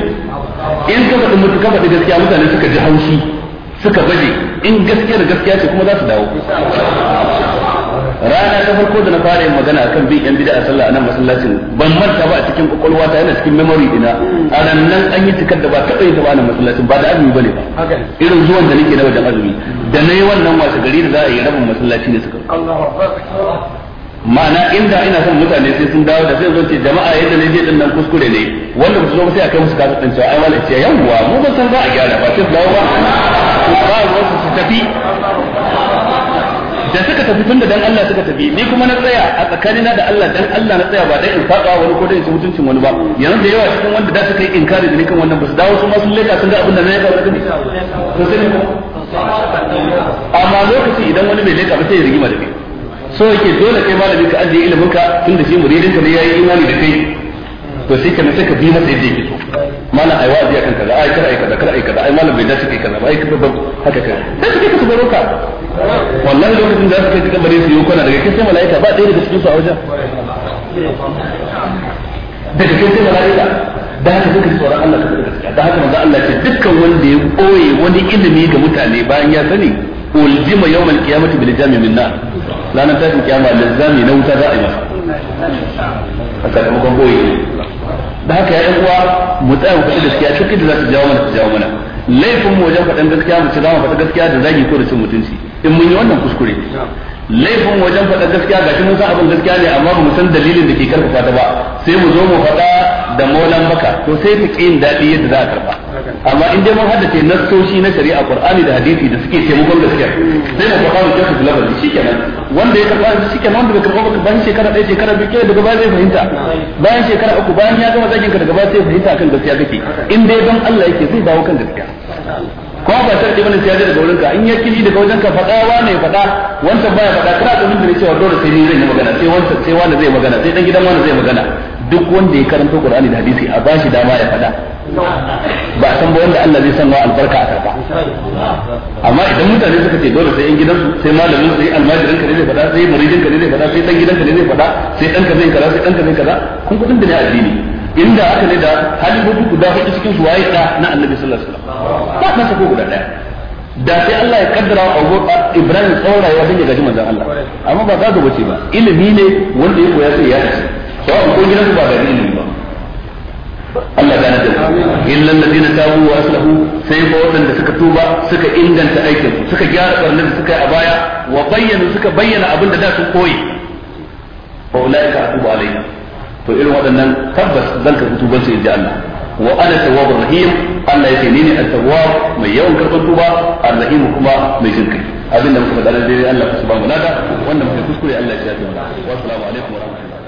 in ka faɗi mutum ka faɗi gaskiya mutane suka ji haushi suka baje in gaskiya da gaskiya ce kuma za su dawo rana ta farko da na fara yin magana akan bin yan bid'a sallah nan masallacin ban manta ba a cikin kokolwa ta yana cikin memory dina a nan nan an yi tikar da ba taɓa yin ta ba nan masallacin ba da azumi bane ba irin zuwan da nake na wajen azumi da nayi wannan wasu gari da za a yi rabin masallaci ne suka ma'ana inda ina son mutane sai sun dawo da sai zo ce jama'a yadda ne din nan kuskure ne wanda ba su zo sai a kai musu kasu din cewa ai wala ce yawwa mu ba san za a gyara ba sai dawo ba ku ba wasu su tafi da suka tafi tun da dan Allah suka tafi ni kuma na tsaya a tsakanina da Allah dan Allah na tsaya ba dai in fada wani ko dai in mutuncin wani ba yanzu da yawa cikin wanda da suka yi inkari da ni kan wannan ba su dawo su ma sun leka sun ga abin da na yi ba da. gani to sai amma lokaci idan wani bai leka ba sai ya rigima da ni so yake dole kai malami ka ajiye ilimin ka tun da shi muridin ka ne yayi imani da kai to sai kana sai ka bi masa yadda yake so malam ai wa'azi akan kaza ai kada ai kaza kada ai kaza ai malam bai dace kai kaza ba ai kaza ba haka kai sai kake ka tsoro ka wallahi lokacin da kake cikin bare su yi kwana daga kai sai malaika ba ɗaya daga cikin su a wajen daga kai sai malaika da haka kuka tsoron Allah ka da gaskiya da haka manzo Allah ce dukkan wanda ya koye wani ilimi ga mutane bayan ya sani ulzima yawmal qiyamati bil jami min nar ranar tashin kiyama a da haka ya uwa mu tsaya mu faɗi gaskiya da za su jawo mana su jawo mana laifin mu wajen faɗin gaskiya mu ci faɗi gaskiya da zagi ko da cin mutunci in mun yi wannan kuskure laifin wajen faɗa gaskiya ga mun san abin gaskiya ne amma mu san dalilin da ke karfafa ta ba sai mu zo mu faɗa da maulan baka to sai ta yin daɗi yadda za a karɓa amma in dai mun haddace nassoshi na shari'a qur'ani da hadisi da suke taimakon gaskiya sai na kafa da su labar shikenan wanda ya karba kenan wanda bai karba ba bayan shekara ɗaya shekara biyu kila daga baya zai fahimta bayan shekara uku bayan ya gama zakin ka daga baya zai fahimta kan gaskiya kake in dai don Allah yake zai dawo kan gaskiya kuma ba sai bane sai ya ji daga wurin ka in ya kiji daga wajen ka faɗa wane ya faɗa wanda baya faɗa kana da da cewa dole sai ni zan yi magana sai wanda sai wanda zai magana sai dan gidan wanda zai magana duk wanda ya karanta Qur'ani da hadisi a bashi dama ya fada ba san ba wanda Allah zai san wa albarka a karba amma idan mutane suka ce dole sai in gidan su sai malamin sai almajirin ka ne zai fada sai muridin ka ne zai fada sai dan gidan ka ne zai fada sai dan ka zai kaza sai dan ka zai kaza kun kudin da ne addini inda aka ne da halibobi guda hudu cikin su waye da na Annabi sallallahu alaihi wasallam ba na sako guda daya da sai Allah ya kaddara wa Abu Ibrahim tsaurawa don ya gaji manzon Allah amma ba za ka bace ba ilimi ne wanda ya koya sai ya dace sawa'un ko gidansu ba da ilimi ba Allah gane da ta alladhina tabu wa aslahu sai fa wadanda suka tuba suka inganta aikin suka gyara barnar da suka a baya wa bayyana suka bayyana abin da da su koyi fa ulaika atubu alaina to irin waɗannan tabbas zan karɓi tuban su inji Allah wa ana tawwabur rahim Allah yake ni ne at-tawwab mai yawan karɓar tuba ar kuma mai kai abinda muka faɗa dai Allah ka subhanahu wa ta'ala kuskure Allah ya wa